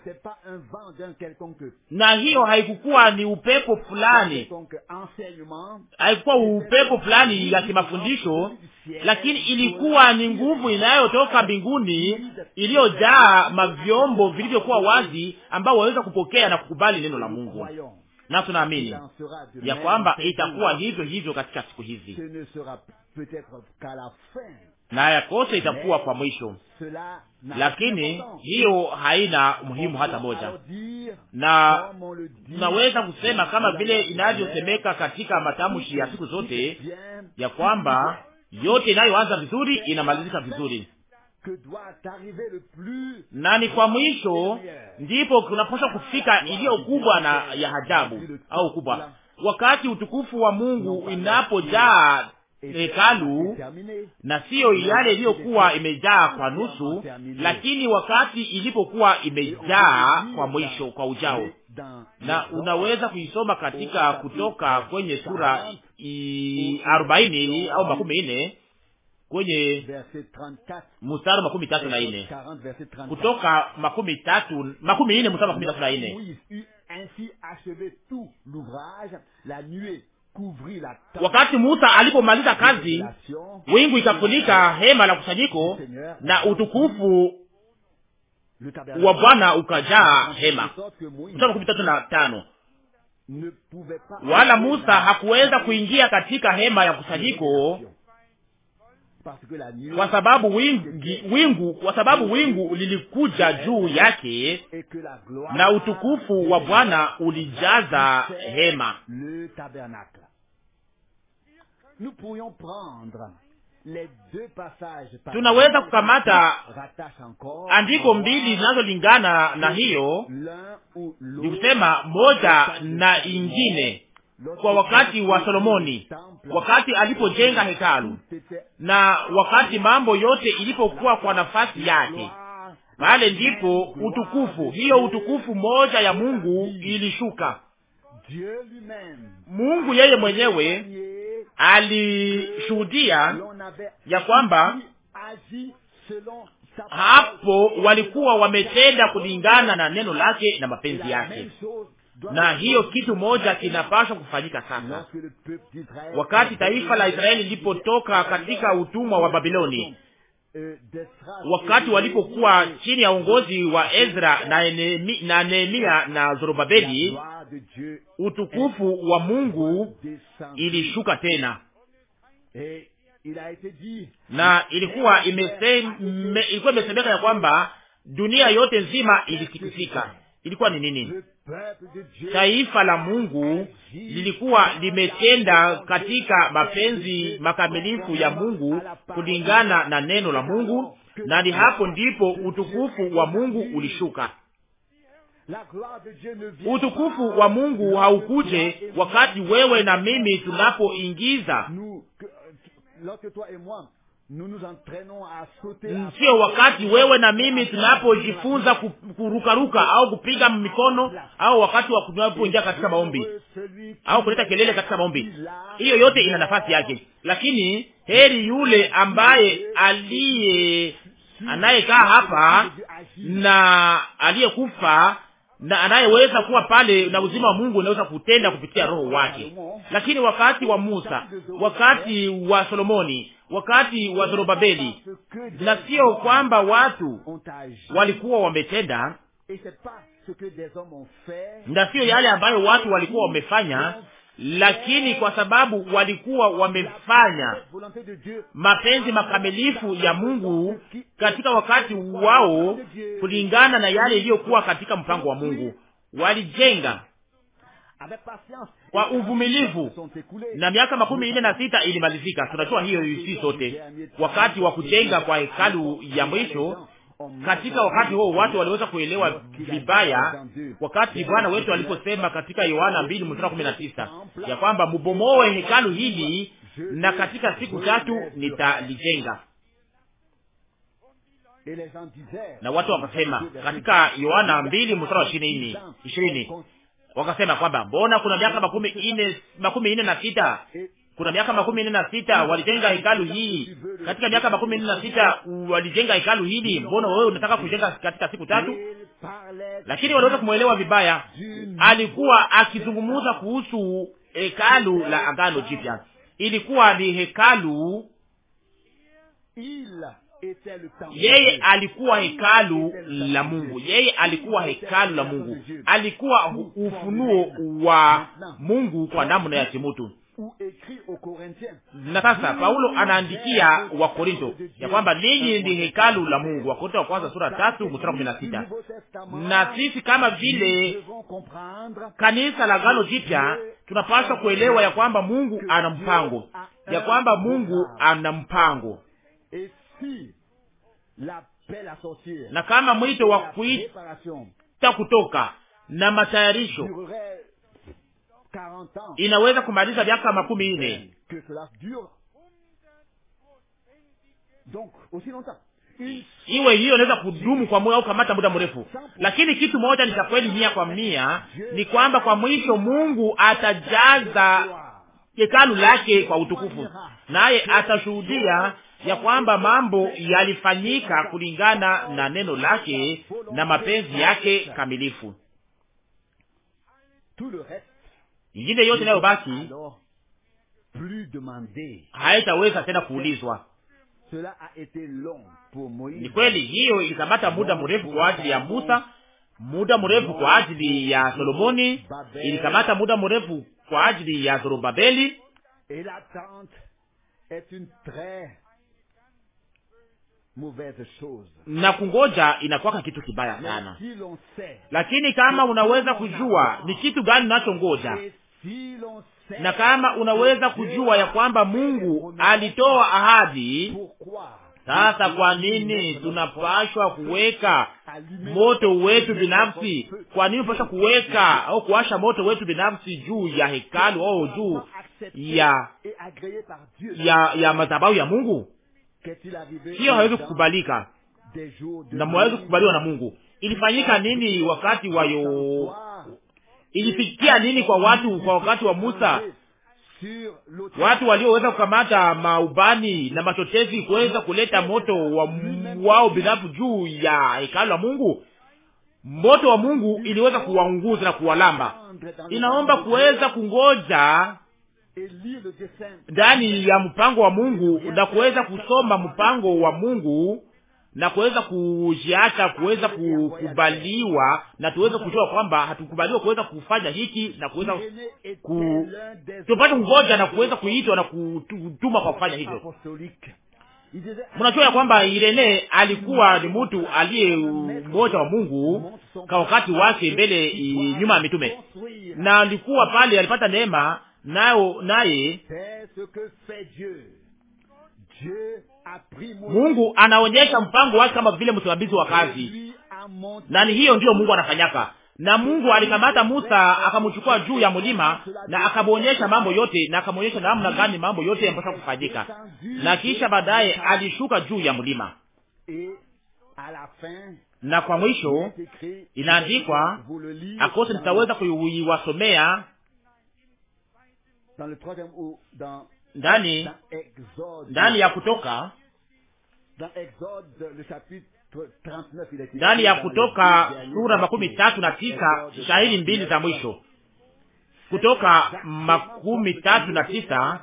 na hiyo haikukuwa ni upepo fulani, haikukuwa upepo fulani ya kimafundisho, lakini ilikuwa ni nguvu inayotoka mbinguni iliyojaa mavyombo vilivyokuwa wazi, ambao waweza kupokea na kukubali neno la Mungu na tunaamini ya kwamba itakuwa hivyo hivyo katika siku hizi, na yakose itakuwa kwa mwisho, lakini hiyo haina umuhimu hata moja, na tunaweza kusema kama vile inavyosemeka katika matamshi ya siku zote ya kwamba yote inayoanza vizuri inamalizika vizuri na ni kwa mwisho ndipo tunapaswa kufika iliyo kubwa na ya hajabu au kubwa, wakati utukufu wa Mungu inapojaa hekalu na siyo yale iliyokuwa imejaa kwa nusu, lakini wakati ilipokuwa imejaa kwa mwisho kwa ujao. Na unaweza kuisoma katika kutoka kwenye sura arobaini au makumi nne kwenye mstari makumi tatu na ine kutoka makumi tatu makumi ine mstari makumi tatu na ine wakati Musa alipomaliza kazi, wingu ikafunika hema la kusanyiko na utukufu wa Bwana ukajaa hema. mstari makumi tatu na tano wala Musa hakuweza kuingia katika hema ya kusanyiko kwa sababu wingi, wingu kwa sababu wingu lilikuja juu yake na utukufu wa Bwana ulijaza hema. Tunaweza kukamata andiko mbili zinazolingana na hiyo, ni kusema moja na ingine kwa wakati wa Solomoni, wakati alipojenga hekalu na wakati mambo yote ilipokuwa kwa nafasi yake, pale ndipo utukufu, hiyo utukufu moja ya Mungu ilishuka. Mungu yeye mwenyewe alishuhudia ya kwamba hapo walikuwa wametenda kulingana na neno lake na mapenzi yake na hiyo kitu moja kinapaswa kufanyika sasa, wakati taifa la Israeli lilipotoka katika utumwa wa Babiloni, wakati walipokuwa chini ya uongozi wa Ezra na Nehemia na Zorobabeli, utukufu wa Mungu ilishuka tena na ilikuwa imesemeka ya kwamba dunia yote nzima ilisikitika. Ilikuwa ni nini? Taifa la Mungu lilikuwa limetenda katika mapenzi makamilifu ya Mungu kulingana na neno la Mungu, na ni hapo ndipo utukufu wa Mungu ulishuka. Utukufu wa Mungu haukuje wakati wewe na mimi tunapoingiza Sio wakati wewe na mimi tunapojifunza kurukaruka au kupiga mikono au wakati wa kunapoingia katika maombi au kuleta kelele katika maombi, hiyo yote ina nafasi yake, lakini heri yule ambaye aliye anayekaa hapa na aliyekufa na anayeweza kuwa pale na uzima wa Mungu unaweza kutenda kupitia roho wake. Lakini wakati wa Musa, wakati wa Solomoni, wakati wa Zorobabeli, na sio kwamba watu walikuwa wametenda na sio yale ambayo watu walikuwa wamefanya, lakini kwa sababu walikuwa wamefanya mapenzi makamilifu ya Mungu katika wakati wao, kulingana na yale iliyokuwa katika mpango wa Mungu. Walijenga kwa uvumilivu, na miaka makumi nne na sita ilimalizika. Tunajua hiyo si sote, wakati wa kujenga kwa hekalu ya mwisho. Katika wakati huo watu waliweza kuelewa vibaya, wakati Bwana wetu aliposema katika Yohana mbili mstari kumi na tisa ya kwamba mubomoe hekalu hili na katika siku tatu nitalijenga na watu wakasema katika Yohana mbili mstari wa ishirini wakasema kwamba mbona kuna miaka makumi nne makumi na sita kuna miaka makumi nne na sita walijenga hekalu hii, katika miaka makumi nne na sita walijenga hekalu hili, mbona wewe unataka kujenga katika siku tatu? Lakini waliweza kumwelewa vibaya. Alikuwa akizungumza kuhusu hekalu la agano jipya, ilikuwa ni hekalu yeye alikuwa hekalu la Mungu, yeye alikuwa hekalu la Mungu, alikuwa ufunuo wa Mungu kwa namna ya Timoto. Na sasa Paulo anaandikia wa Korinto ya kwamba ninyi ni hekalu la Mungu, wa wa kwanza sura tatu mstari kumi na sita. Na sisi kama vile kanisa la Agano Jipya tunapaswa kuelewa ya kwamba Mungu ana mpango, ya kwamba Mungu ana mpango na kama mwito wa kuita kutoka na matayarisho inaweza kumaliza miaka makumi nne iwe hiyo inaweza kudumu kwa muda au kamata muda mrefu, lakini kitu moja ni cha kweli mia kwa mia ni kwamba kwa mwisho Mungu atajaza hekalu lake kwa utukufu, naye atashuhudia ya kwamba mambo yalifanyika kulingana na neno lake na mapenzi yake kamilifu. Ingine yote nayo basi haitaweza tena kuulizwa. Ni kweli, hiyo ilikamata muda mrefu kwa ajili ya Musa, muda mrefu kwa ajili ya Solomoni, ilikamata muda mrefu kwa ajili ya Zorobabeli na kungoja inakuwaka kitu kibaya sana, lakini kama unaweza kujua ni kitu gani unachongoja na kama unaweza kujua ya kwamba Mungu alitoa ahadi, sasa kwa nini tunapashwa kuweka moto wetu binafsi? Kwa nini tunapashwa kuweka au kuwasha moto wetu binafsi juu ya hekalu au juu ya ya, ya madhabau ya Mungu? hiyo hawezi kukubalika na mwawezi kukubaliwa na Mungu. Ilifanyika nini wakati wa yo... ilifikia nini kwa watu kwa wakati wa Musa, watu walioweza kukamata maubani na machochezi kuweza kuleta moto wa wao binafsi juu ya hekalu la Mungu. Moto wa Mungu iliweza kuwaunguza na kuwalamba. Inaomba kuweza kungoja ndani ya mpango wa Mungu na kuweza kusoma mpango wa Mungu na kuweza kujiacha kuweza kukubaliwa na tuweze kujua kwamba hatukubaliwa kuweza kufanya hiki na kuweza ku... tupate kungoja na kuweza kuitwa na kutuma kwa kufanya hivyo. Mnajua ya kwamba Irene alikuwa ni mtu aliye mmoja wa Mungu kwa wakati wake mbele nyuma ya mitume, na alikuwa pale, alipata neema nao naye Mungu anaonyesha mpango wake kama vile msimamizi wa kazi, na ni hiyo ndiyo Mungu anafanyaka. Na Mungu alikamata Musa akamchukua juu ya mlima na akamwonyesha mambo yote na akamwonyesha namna gani mambo yote yanapaswa kufanyika, na kisha baadaye alishuka juu ya mlima na kwa mwisho inaandikwa akose, nitaweza kuiwasomea ndani ndani ya Kutoka ndani ya Kutoka sura makumi tatu na tisa shahidi mbili za mwisho. Kutoka makumi tatu na tisa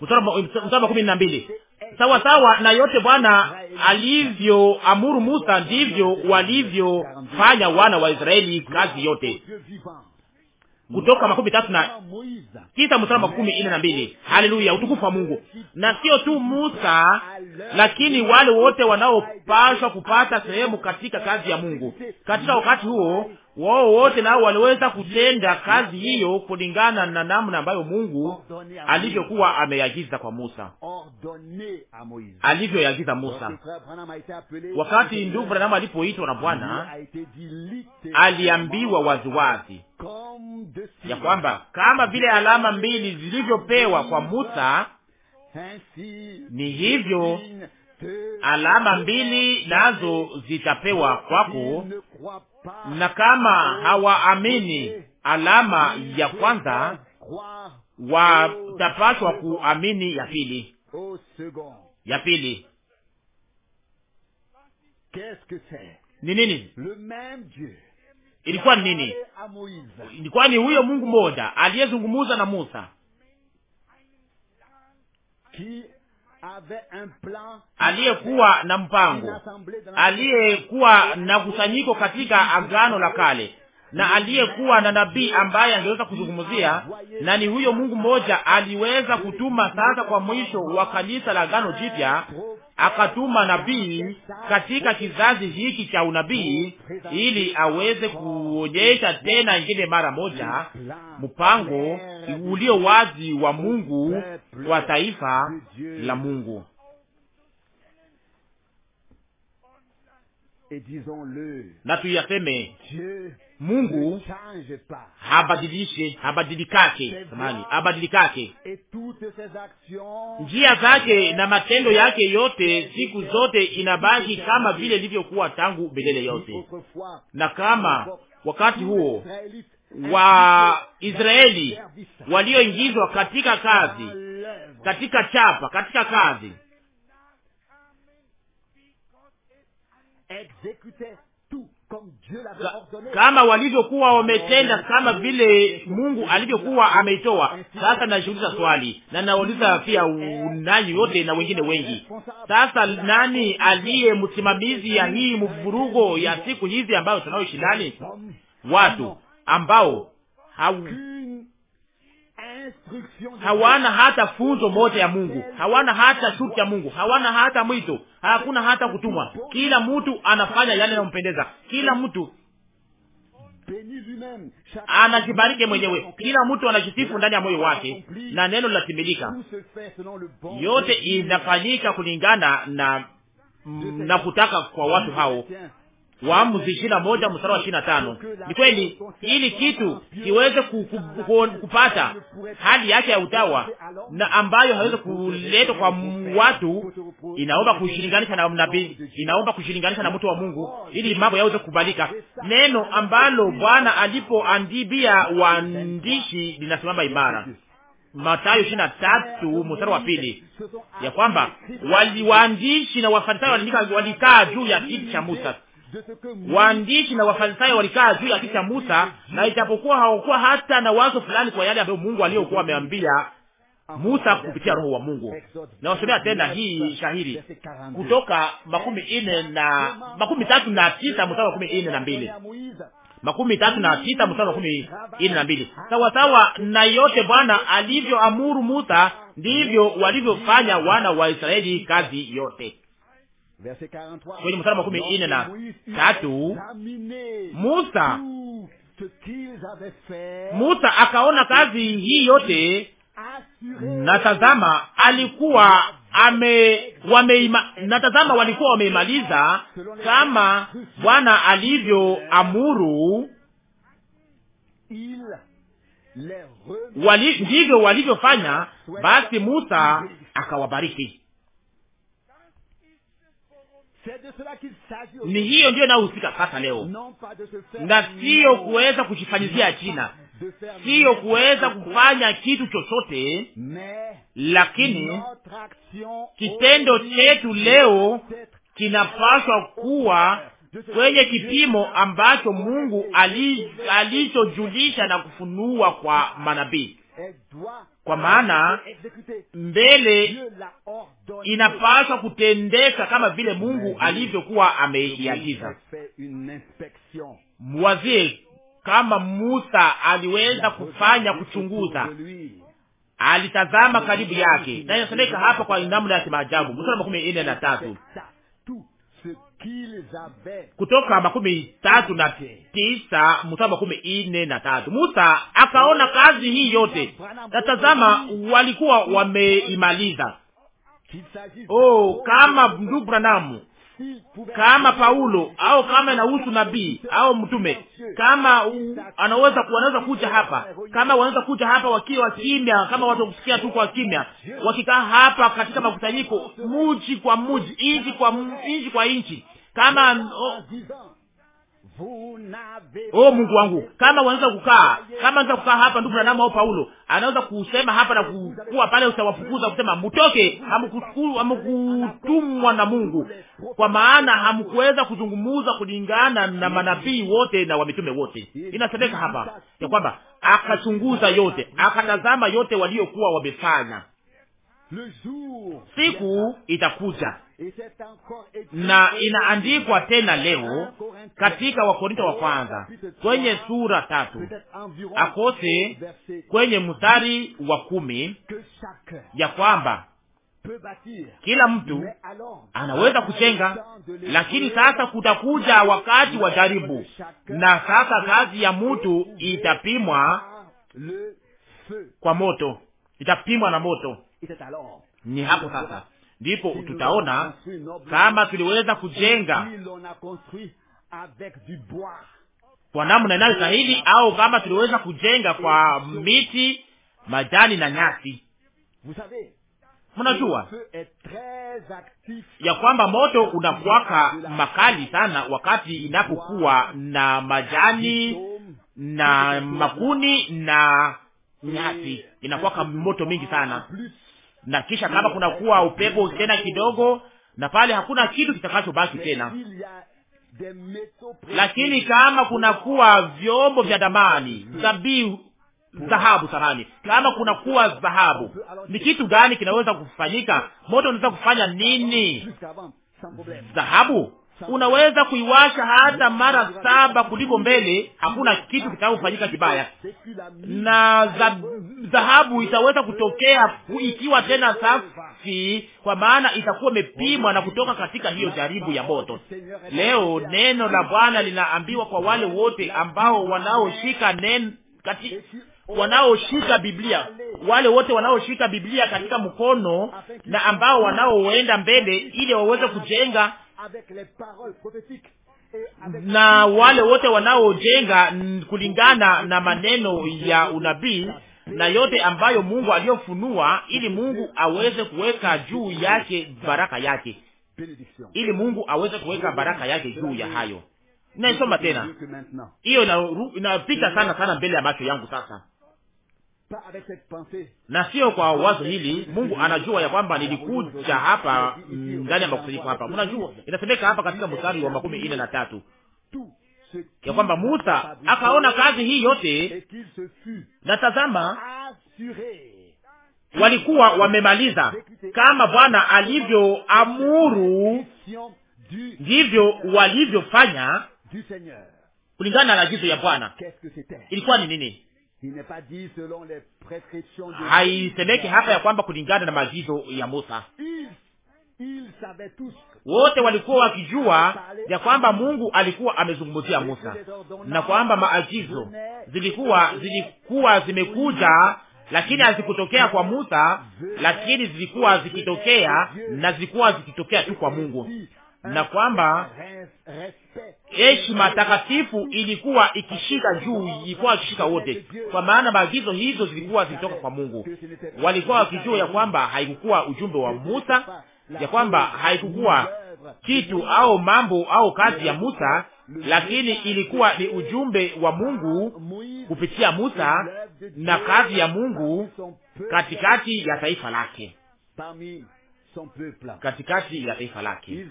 mstari makumi na mbili sawa sawa na yote Bwana alivyo amuru Musa ndivyo walivyofanya wana wa Israeli kazi yote kutoka makumi tatu na tisa mstari makumi nne na mbili. Haleluya, utukufu wa Mungu. Na sio tu Musa, lakini wale wote wanaopashwa kupata sehemu katika kazi ya Mungu katika wakati huo wao wote nao waliweza kutenda kazi hiyo kulingana na namna ambayo Mungu alivyokuwa ameagiza kwa Musa, alivyoagiza Musa. Wakati ndugu Branamu alipoitwa na Bwana, aliambiwa waziwazi ya kwamba kama vile alama mbili zilivyopewa kwa Musa, ni hivyo alama mbili nazo zitapewa kwako, na kama hawaamini alama ya kwanza, watapaswa kuamini ya pili. Ya pili ni nini? Ilikuwa ni nini? Ilikuwa ni huyo Mungu mmoja aliyezungumuza na Musa aliyekuwa na mpango, aliyekuwa na kusanyiko katika Agano la Kale, na aliyekuwa na nabii ambaye angeweza kuzungumzia, na ni huyo Mungu mmoja aliweza kutuma sasa kwa mwisho wa kanisa la Agano Jipya akatuma nabii katika kizazi hiki cha unabii ili aweze kuonyesha tena ingine mara moja mpango ulio wazi wa Mungu kwa taifa la Mungu. Na tuyaseme Mungu habadilishe habadilikake, samani habadilikake njia zake na matendo yake yote, siku zote inabaki kama vile ilivyokuwa tangu belele yote. Na kama wakati huo Waisraeli walioingizwa katika kazi, katika chapa, katika kazi kama walivyokuwa wametenda, kama vile Mungu alivyokuwa ameitoa. Sasa najiuliza swali na nauliza pia unani yote na wengine wengi, sasa nani aliye msimamizi ya hii mvurugo ya siku hizi ambayo tunaoishi ndani, watu ambao hau hawana hata funzo moja ya Mungu, hawana hata shuti ya Mungu, hawana hata mwito, hakuna hata kutumwa. Kila mtu anafanya yale yanayompendeza, kila mtu anajibariki mwenyewe, kila mtu anajisifu ndani ya moyo wake, na neno linatimilika. Yote inafanyika kulingana na na kutaka kwa watu hao Waamuzi ishirini na moja mstari wa ishirini na tano. Ni kweli, ili kitu kiweze ku, ku, ku, kupata hali yake ya utawa na ambayo haweze kuletwa kwa watu, inaomba kushilinganisha na nabii, inaomba kushilinganisha na mtu wa Mungu ili mambo yaweze kubalika Neno ambalo Bwana alipoandibia waandishi linasimama imara. Mathayo ishirini na tatu mstari wa pili ya kwamba waliwaandishi na wafarisayo walikaa juu ya kiti cha Musa Waandishi na wafarisayo walikaa juu ya kiti cha Musa, na ijapokuwa hawakuwa hata na wazo fulani kwa yale ambayo Mungu aliyokuwa ameambia Musa kupitia Roho wa Mungu. Nawasomea tena hii shahiri kutoka makumi ine na makumi tatu na tisa mstari makumi ine na mbili makumi tatu na tisa mstari makumi ine na mbili sawasawa na yote Bwana alivyoamuru Musa ndivyo walivyofanya wana wa Israeli kazi yote kwenye mstari makumi ine na tatu Musa Musa akaona kazi hii yote na tazama, alikuwa ame wameima, na tazama, walikuwa wameimaliza kama Bwana alivyo amuru ndivyo walivyofanya. Basi Musa akawabariki ni hiyo ndiyo inayohusika sasa leo, na siyo kuweza kujifanyizia jina, siyo kuweza kufanya kitu chochote, lakini kitendo chetu leo kinapaswa kuwa kwenye kipimo ambacho Mungu alichojulisha na kufunua kwa manabii kwa maana mbele inapaswa kutendeka kama vile Mungu alivyokuwa ameiagiza. Mwazie kama Musa aliweza kufanya kuchunguza, alitazama karibu yake, na inasemeka hapa kwa namna ya kimaajabu. Mstari makumi nne na tatu kutoka makumi tatu na tisa mstari makumi ine na tatu. Musa akaona kazi hii yote, natazama walikuwa wameimaliza. Oh, kama ndugu Branamu kama Paulo au kama inahusu nabii au mtume, kama anaweza wanaweza kuja hapa, kama wanaweza kuja hapa wakiwa kimya, kama watu wakusikia tu kwa kimya, wakikaa hapa katika makusanyiko, muji kwa muji, inji kwa nchi kwa nchi, kama oh, Mungu wangu, kama wanaweza kukaa, kama wanaweza kukaa hapa ndugu Branham au Paulo anaweza kusema hapa na kukuwa pale, utawafukuza kusema mtoke, hamkutumwa na Mungu, kwa maana hamkuweza kuzungumuza kulingana na manabii wote na wamitume wote. Inasemeka hapa ya kwamba akachunguza yote, akatazama yote waliokuwa wamefanya. Siku itakuja na inaandikwa tena leo katika Wakorinto wa oh, kwanza kwenye sura tatu akose kwenye mstari wa kumi ya kwamba kila mtu anaweza kuchenga, lakini sasa kutakuja wakati wa jaribu, na sasa kazi ya mtu itapimwa kwa moto, itapimwa na moto. Ni hapo sasa ndipo tutaona kama tuliweza kujenga kwa namna inayo sahili au kama tuliweza kujenga kwa miti, majani na nyasi. Mnajua ya kwamba moto unakuwaka makali sana wakati inapokuwa na majani na makuni na nyasi, inakuwaka moto mingi sana na kisha kama kunakuwa upepo tena kidogo, na pale hakuna kitu kitakachobaki tena. Lakini kama kunakuwa vyombo vya damani zabiu dhahabu samani, kama kunakuwa dhahabu, ni kitu gani kinaweza kufanyika? Moto unaweza kufanya nini? Dhahabu unaweza kuiwasha hata mara saba kuliko mbele, hakuna kitu kitakachofanyika kibaya, na dhahabu itaweza kutokea ikiwa tena safi, kwa maana itakuwa imepimwa na kutoka katika hiyo jaribu ya moto. Leo neno la Bwana linaambiwa kwa wale wote ambao wanaoshika neno kati wanaoshika Biblia, wale wote wanaoshika Biblia katika mkono na ambao wanaoenda mbele ili waweze kujenga na wale wote wanaojenga kulingana na maneno ya unabii na yote ambayo Mungu aliyofunua, ili Mungu aweze kuweka juu yake baraka yake, ili Mungu aweze kuweka baraka yake juu ya hayo. Naisoma tena hiyo, inapita sana sana mbele ya macho yangu sasa na sio kwa wazo hili. Mungu anajua ya kwamba nilikuja hapa mm, ndani ya makusanyiko hapa. Mnajua inasemeka hapa katika mstari wa makumi ine na tatu ya kwamba Musa akaona kazi hii yote, na tazama, walikuwa wamemaliza kama Bwana alivyoamuru, ndivyo walivyofanya kulingana na agizo ya Bwana. Ilikuwa ni nini? haisemeki hapa ya kwamba kulingana na maagizo ya Musa. Wote walikuwa wakijua ya kwamba Mungu alikuwa amezungumzia Musa na kwamba maagizo zilikuwa zilikuwa zimekuja, lakini hazikutokea kwa Musa, lakini zilikuwa zikitokea na zilikuwa zikitokea tu kwa Mungu na kwamba heshima takatifu ilikuwa ikishika juu, ilikuwa ikishika wote, kwa maana maagizo hizo zilikuwa zilitoka kwa Mungu. Walikuwa wakijua ya kwamba haikukuwa ujumbe wa Musa, ya kwamba haikukuwa kitu au mambo au kazi ya Musa, lakini ilikuwa ni ujumbe wa Mungu kupitia Musa na kazi ya Mungu katikati ya taifa lake, katikati ya taifa lake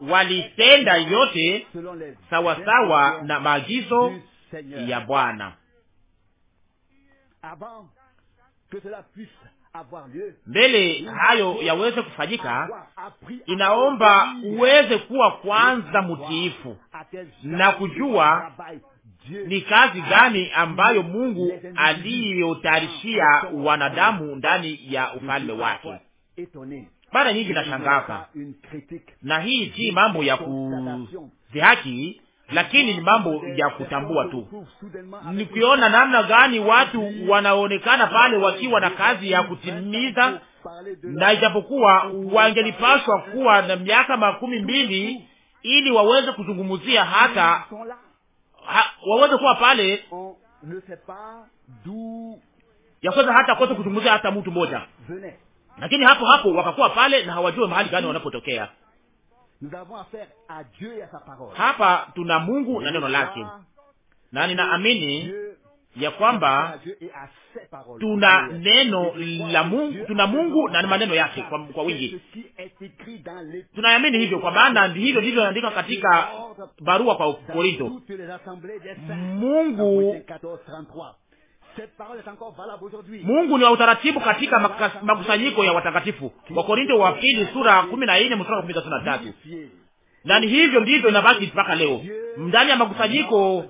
walitenda yote sawasawa na maagizo ya Bwana. Mbele hayo yaweze kufanyika, inaomba uweze kuwa kwanza mtiifu na kujua ni kazi gani ambayo Mungu aliyotayarishia wanadamu ndani ya ufalme wake. Mara nyingi nashangaka na hii si mambo ya kuzihaki, lakini ni mambo ya kutambua tu, nikiona namna gani watu wanaonekana pale wakiwa na kazi ya kutimiza, na ijapokuwa wangelipaswa kuwa na miaka makumi mbili ili waweze kuzungumzia hata ha, waweze kuwa pale ya kwanza hata kose kuzungumzia hata mtu mmoja lakini hapo hapo wakakuwa pale na hawajue mahali gani wanapotokea. Hapa tuna Mungu na neno lake, na ninaamini ya kwamba tuna neno la Mungu, tuna Mungu na maneno yake kwa, kwa wingi. Tunaamini hivyo, kwa maana hivyo ndivyo inaandikwa katika barua kwa Korinto. Mungu Mungu ni wa utaratibu katika makusanyiko ya watakatifu, Wakorinto wa pili sura kumi na nne mstari wa kumi na tatu. Na ni hivyo ndivyo inabaki mpaka leo ndani ya makusanyiko,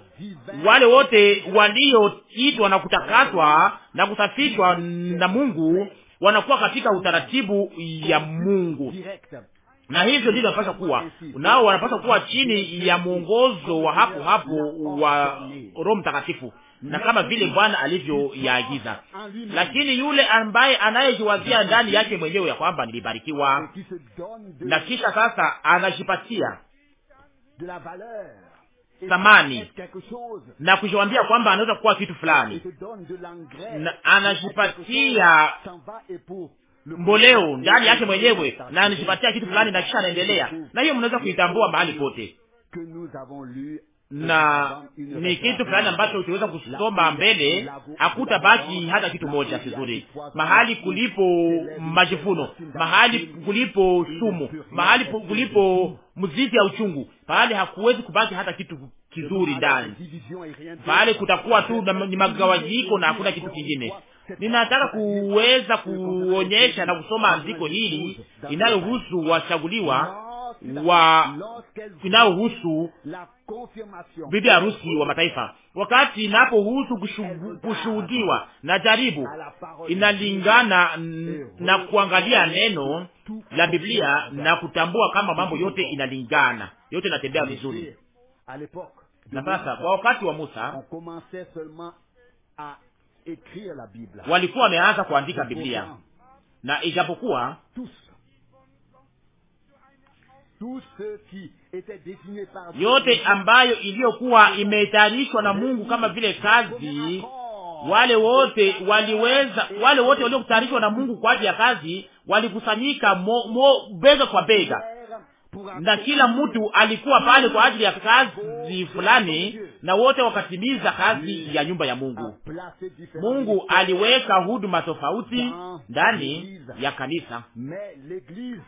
wale wote walioitwa na kutakaswa na kusafishwa na Mungu wanakuwa katika utaratibu ya Mungu, na hivyo ndivyo wanapaswa kuwa nao, wanapaswa kuwa chini ya mwongozo wa hapo hapo wa Roho Mtakatifu na kama vile Bwana alivyoyaagiza. Lakini yule ambaye anayejiwazia ndani yake mwenyewe ya kwamba nilibarikiwa, na kisha sasa anajipatia thamani na kujiwambia kwamba anaweza kuwa kitu fulani, na anajipatia mboleo ndani yake mwenyewe na anajipatia kitu fulani, na kisha anaendelea na hiyo, mnaweza kuitambua mahali pote na ni kitu fulani ambacho ukiweza kusoma mbele hakutabaki hata kitu moja kizuri. Mahali kulipo majivuno, mahali kulipo sumu, mahali kulipo mzizi ya uchungu, pahali hakuwezi kubaki hata kitu kizuri ndani, pahali kutakuwa tu ni magawanyiko na hakuna kitu kingine. Ninataka kuweza kuonyesha na kusoma andiko hili inayohusu wachaguliwa wa inayohusu bibi harusi wa mataifa. Wakati inapohusu kushuhudiwa na jaribu, inalingana na kuangalia neno la Biblia na kutambua kama mambo yote inalingana, yote inatembea vizuri. Na sasa kwa wakati wa Musa walikuwa wameanza kuandika Biblia na ijapokuwa yote ambayo iliyokuwa imetayarishwa na Mungu kama vile kazi. Wale wote waliweza, wale wote waliotayarishwa na Mungu kwa ajili ya kazi walikusanyika mo, mo, bega kwa bega na kila mtu alikuwa pale kwa ajili ya kazi fulani, na wote wakatimiza kazi ya nyumba ya Mungu. Mungu aliweka huduma tofauti ndani ya kanisa,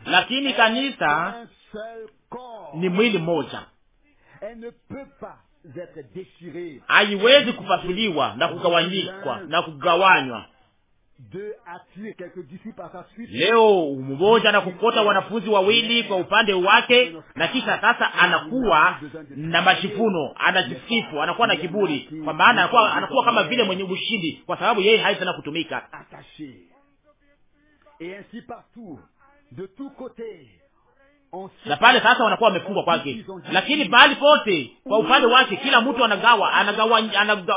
lakini kanisa ni mwili mmoja, haiwezi kupasuliwa na kugawanyikwa na kugawanywa Leo mmoja anakukota wanafunzi wawili kwa upande wake, na kisha sasa anakuwa na majivuno, anajisifu, anakuwa na kiburi, kwa maana anakuwa, anakuwa kama vile mwenye ushindi, kwa sababu yeye hawezi tena kutumika na pale sasa wanakuwa wamefungwa kwake, lakini bali pote kwa upande wake, kila mtu anagawa, anagawa,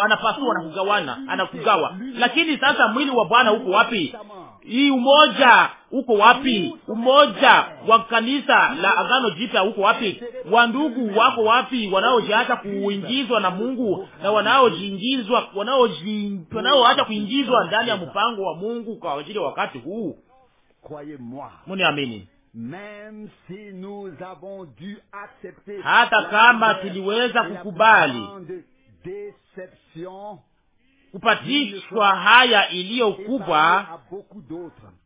anapasua na kugawana, anakugawa. Lakini sasa mwili wa Bwana uko wapi? Hii umoja uko wapi? Umoja wa kanisa la Agano Jipya uko wapi? Wandugu wako wapi, wanaojiacha kuingizwa na Mungu na wanaojiingizwa, wanaoacha kuingizwa ndani ya mpango wa Mungu kwa ajili ya wakati huu? amini hata kama tuliweza kukubali kupatishwa haya iliyo kubwa,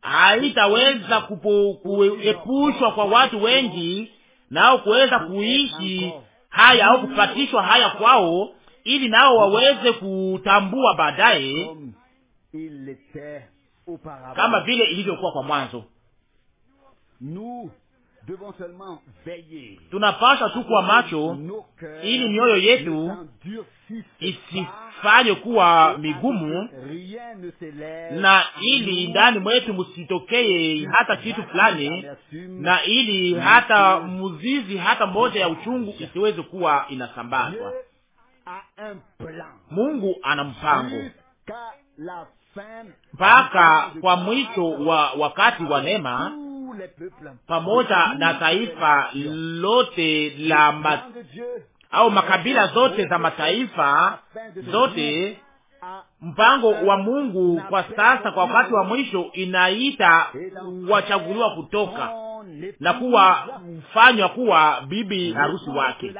haitaweza kuepushwa kwa watu wengi, nao kuweza kuishi haya au kupatishwa haya kwao, ili nao waweze kutambua baadaye kama vile ilivyokuwa kwa mwanzo tunapasha tu kuwa macho ili mioyo yetu isifanye kuwa migumu, na ili ndani mwetu musitokee hata kitu fulani, na ili hata muzizi hata moja ya uchungu isiweze kuwa inasambazwa. Mungu ana mpango mpaka kwa mwisho wa wakati wa neema pamoja na taifa lote la ma, au makabila zote za mataifa zote. Mpango wa Mungu kwa sasa, kwa wakati wa mwisho, inaita wachaguliwa kutoka na kuwa fanywa kuwa bibi harusi wake,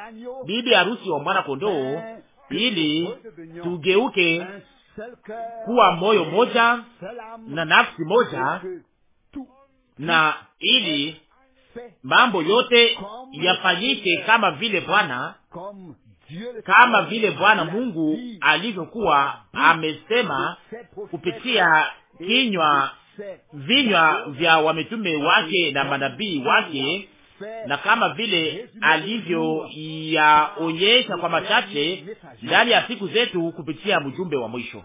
bibi harusi wa mwana kondoo, ili tugeuke kuwa moyo moja na nafsi moja na ili mambo yote yafanyike kama vile Bwana kama vile Bwana Mungu alivyokuwa amesema kupitia kinywa vinywa vya wametume wake na manabii wake, na kama vile alivyoyaonyesha kwa machache ndani ya siku zetu kupitia mjumbe wa mwisho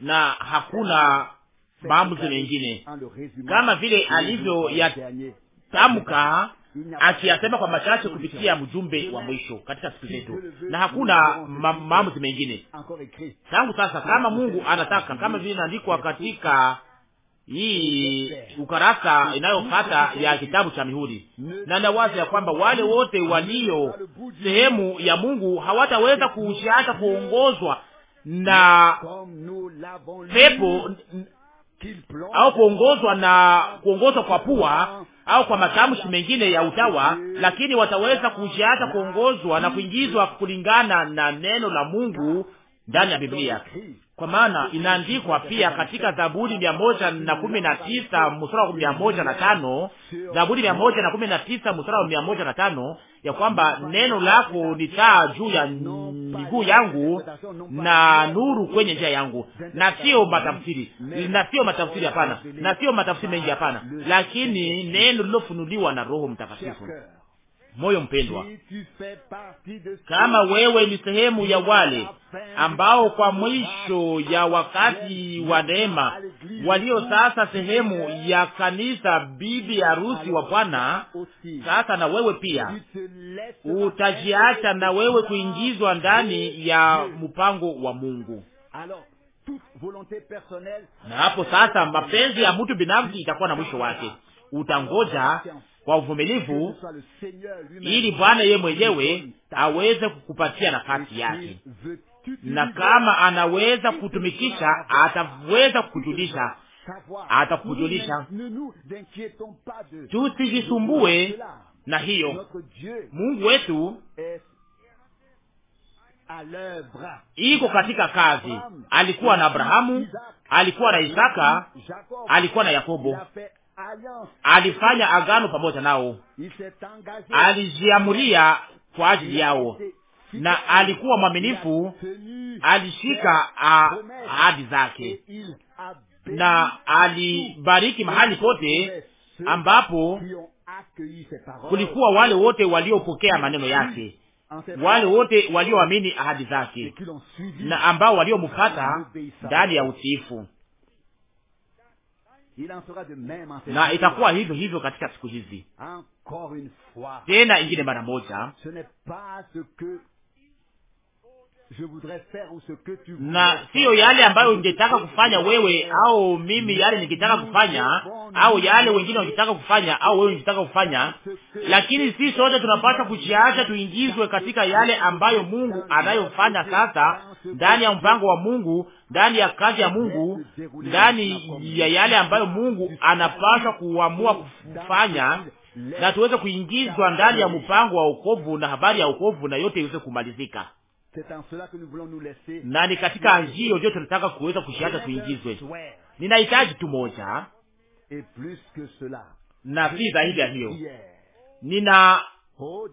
na hakuna maamuzi mengine, kama vile alivyo yatamka akiyasema kwa machache kupitia mjumbe wa mwisho katika siku zetu, na hakuna ma maamuzi mengine tangu sasa. Kama Mungu anataka, kama vile inaandikwa katika hii ukarasa inayopata ya kitabu cha mihuri, na nawaza ya kwamba wale wote walio sehemu ya Mungu hawataweza kushata kuongozwa na pepo au kuongozwa na kuongozwa kwa pua au kwa matamshi mengine ya utawa, lakini wataweza kujiacha kuongozwa na kuingizwa kulingana na neno la Mungu ndani ya Biblia kwa maana inaandikwa pia katika Zaburi mia moja na kumi na tisa mstari wa mia moja na tano Zaburi mia moja na kumi na tisa mstari wa mia moja na tano ya kwamba neno lako ni taa juu ya miguu yangu na nuru kwenye njia yangu. Na sio matafsiri, na sio matafsiri, hapana, na sio matafsiri mengi, hapana, lakini neno lilofunuliwa na Roho Mtakatifu moyo mpendwa, kama wewe ni sehemu ya wale ambao kwa mwisho ya wakati wa neema walio sasa sehemu ya kanisa, bibi harusi wa Bwana, sasa na wewe pia utajiacha na wewe kuingizwa ndani ya mpango wa Mungu na hapo sasa mapenzi ya mtu binafsi itakuwa na mwisho wake. Utangoja kwa uvumilivu, ili Bwana yeye mwenyewe aweze kukupatia nafasi yake, na kama anaweza kutumikisha, ataweza kukujulisha, atakujulisha. Tusijisumbue na hiyo. Mungu wetu iko katika kazi. Alikuwa na Abrahamu, alikuwa na Isaka, alikuwa na Yakobo alifanya agano pamoja nao, alijiamuria kwa ajili yao, na alikuwa mwaminifu, alishika ah, ahadi zake na alibariki mahali pote ambapo kulikuwa wale wote waliopokea maneno yake, wale wote walioamini ahadi zake na ambao waliomfata ndani ya utiifu na itakuwa hivyo hivyo katika siku hizi tena ingine mara moja na siyo yale ambayo ungetaka kufanya wewe au mimi, yale ningetaka kufanya au yale wengine wangetaka kufanya au wewe ungetaka kufanya, lakini si sote tunapaswa kujiacha tuingizwe katika yale ambayo Mungu anayofanya sasa ndani ya mpango wa Mungu, ndani ya kazi ya Mungu, ndani ya yale ambayo Mungu anapaswa kuamua kufanya na tuweze kuingizwa ndani ya mpango wa wokovu na habari ya wokovu na yote iweze kumalizika na ni katika hiyo ndio tunataka kuweza kushata tuingizwe. Ninahitaji tu moja na si zaidi ya hiyo. Nina oh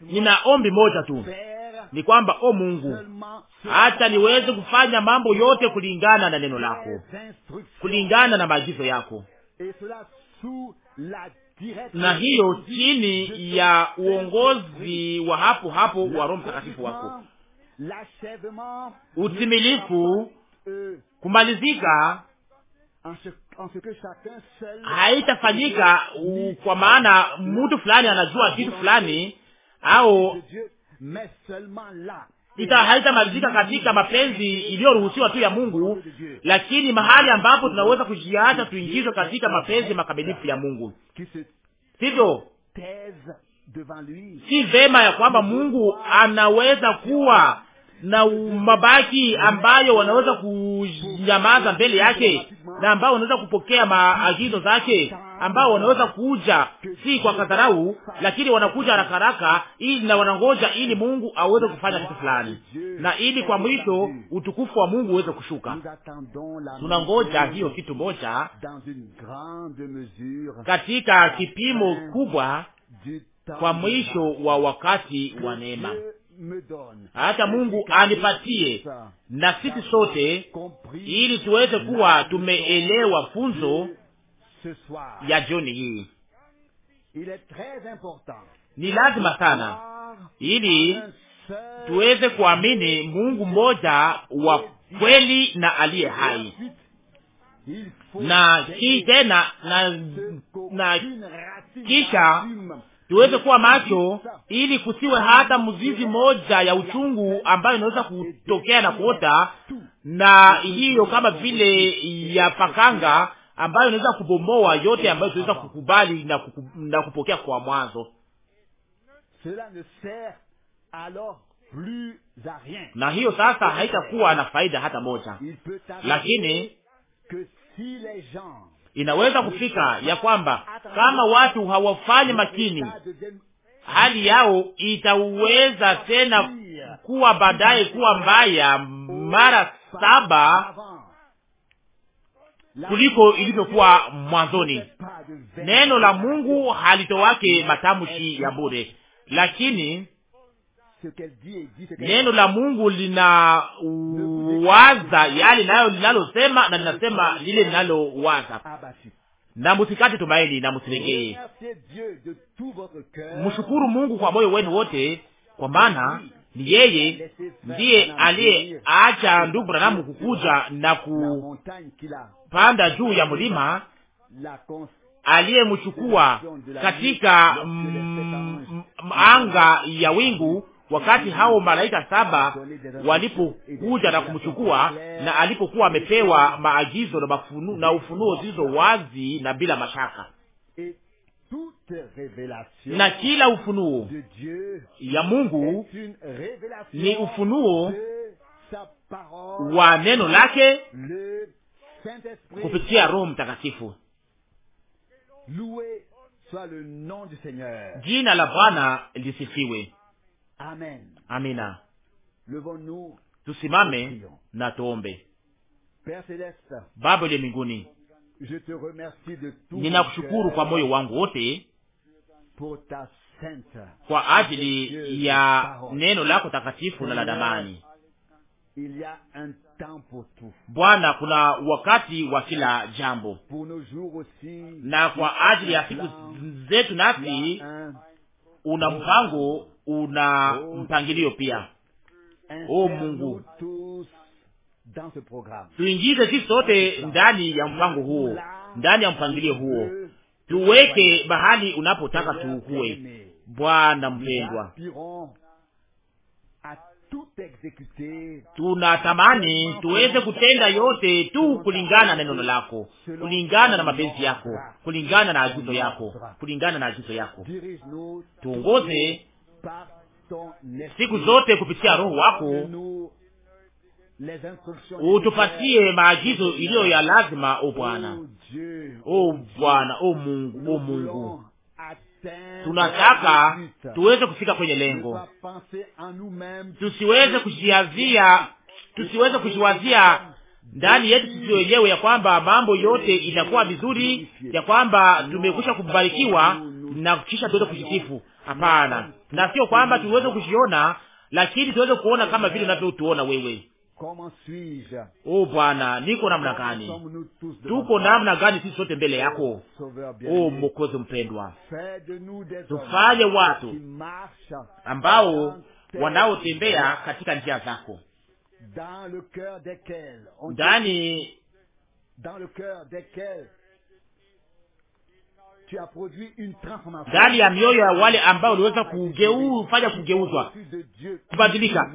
nina ombi moja tu, ni kwamba o Mungu, hata niweze kufanya mambo yote kulingana na neno lako, kulingana na maagizo yako, na hiyo chini ya uongozi wa hapo hapo wa Roho Mtakatifu wako. Utimilifu, kumalizika haitafanyika kwa maana mtu fulani anajua kitu fulani au ita haitamalizika katika mapenzi iliyoruhusiwa tu ya Mungu, lakini mahali ambapo tunaweza kujiacha tuingizwe katika mapenzi makamilifu ya Mungu, sivyo? Si vema ya kwamba Mungu anaweza kuwa na mabaki ambayo wanaweza kunyamaza mbele yake na ambao wanaweza kupokea maagizo zake, ambao wanaweza kuja si kwa kadharau, lakini wanakuja haraka haraka ili na wanangoja ili Mungu aweze kufanya kitu fulani, na ili kwa mwisho utukufu wa Mungu uweze kushuka. Tunangoja hiyo kitu moja katika kipimo kubwa kwa mwisho wa wakati wa neema hata Mungu anipatie na sisi sote, ili tuweze kuwa tumeelewa funzo ya jioni hii. Ni lazima sana ili tuweze kuamini Mungu mmoja wa kweli na aliye hai, na hii tena na, na kisha tuweze kuwa macho, ili kusiwe hata mzizi moja ya uchungu ambayo inaweza kutokea na kuota, na hiyo kama vile ya pakanga ambayo inaweza kubomoa yote ambayo tunaweza kukubali na, kuku, na kupokea kwa mwanzo na hiyo sasa haitakuwa na faida hata moja, lakini Inaweza kufika ya kwamba kama watu hawafanyi makini, hali yao itaweza tena kuwa baadaye kuwa mbaya mara saba kuliko ilivyokuwa mwanzoni. Neno la Mungu halitowake matamshi ya bure, lakini Neno la Mungu linawaza yale nayo linalosema na linasema lile linalowaza, ah, na musikate tumaini na musilegee, Mshukuru Mungu kwa moyo wenu wote, kwa maana ni yeye ndiye aliyeacha ndugu Branamu kukuja na kupanda juu ya mlima aliyemchukua katika mm, anga ya wingu wakati hao malaika saba walipokuja na kumchukua, na alipokuwa amepewa maagizo na, mafunu, na ufunuo zilizo wazi na bila mashaka na kila ufunuo ya Mungu ni ufunuo wa neno lake kupitia Roho Mtakatifu. Jina la Bwana lisifiwe. Amen. Amina. Levons-nous tusimame na tuombe. Père Celeste, Baba uliye mbinguni, je te remercie de tout, ninakushukuru kwa moyo wangu wote pour ta sainte, kwa ajili ya neno lako takatifu na la damani. Bwana, kuna wakati wa kila jambo, na kwa ajili ya siku zetu nasi una oh. mpango, una oh. mpangilio pia. O oh, Mungu, tuingize sisi sote ndani ya mpango huo, ndani ya mpangilio huo, tuweke bahali unapotaka tuukue. Bwana mpendwa, tunatamani tuweze kutenda yote tu kulingana na neno lako, kulingana na mapenzi yako, kulingana na agizo yako, kulingana na agizo yako. Tuongoze siku zote kupitia Roho wako, utupatie maagizo iliyo ya lazima. O Bwana, oh o oh Bwana, o Mungu, o Mungu tunataka tuweze kufika kwenye lengo, tusiweze kujiazia, tusiweze kujiwazia ndani yetu sisi wenyewe ya kwamba mambo yote itakuwa vizuri, ya kwamba tumekwisha kubarikiwa na kisha tuweze kujisifu. Hapana, na sio kwamba tuweze kujiona, lakini tuweze kuona kama vile unavyotuona wewe. O Bwana, niko namna gani? Tuko namna gani sisi sote mbele yako, o Mokozi mpendwa? Tufanye watu ambao wanaotembea katika njia zako, ndani ndani ya mioyo ya wale ambao uliweza kufanya kugeuzwa, kubadilika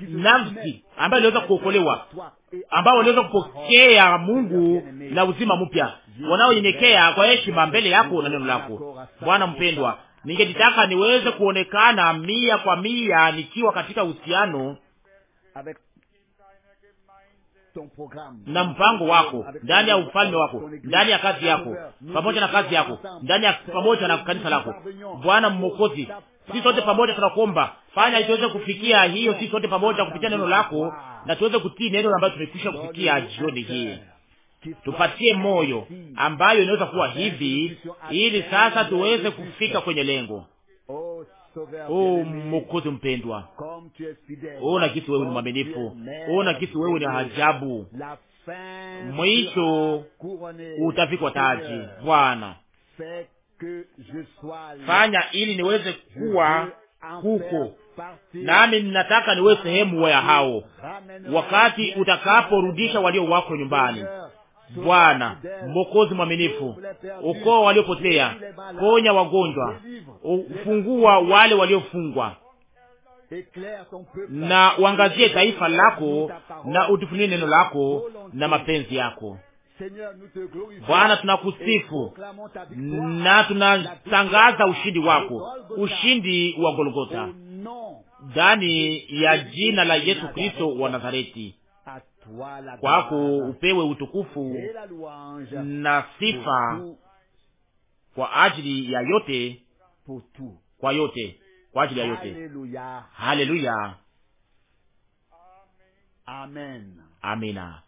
nafsi ambayo iliweza kuokolewa, ambao waliweza kupokea Mungu na uzima mpya, wanaonyenyekea kwa heshima mbele yako na neno lako. Bwana mpendwa, ningetitaka niweze kuonekana mia kwa mia nikiwa katika uhusiano na mpango wako ndani ya ufalme wako ndani ya kazi yako pamoja na kazi yako ndani ya pamoja na kanisa lako Bwana Mwokozi, sisi sote pamoja tunakuomba, fanya tuweze kufikia hiyo, sisi sote pamoja kupitia neno lako, na tuweze kutii neno ambayo tumekwisha kufikia jioni hii. Tupatie moyo ambayo inaweza kuwa hivi, ili sasa tuweze kufika kwenye lengo. Oh, Mwokozi mpendwa, ona kisi wewe ni mwaminifu, ona kisi wewe ni ajabu. Mwisho utavikwa taji Bwana, fanya ili niweze kuwa huko nami ninataka niwe sehemu ya hao, wakati utakaporudisha walio wako nyumbani. Bwana Mwokozi mwaminifu, ukoa waliopotea, ponya wagonjwa, ufungua wale waliofungwa, na uangazie taifa lako, na utufunie neno lako na mapenzi yako. Bwana, tunakusifu na tunatangaza ushindi wako, ushindi wa Golgota ndani ya jina la Yesu Kristo wa Nazareti. Kwako upewe utukufu na sifa kwa ajili ya yote, kwa yote, kwa ajili ya yote. Haleluya, amina.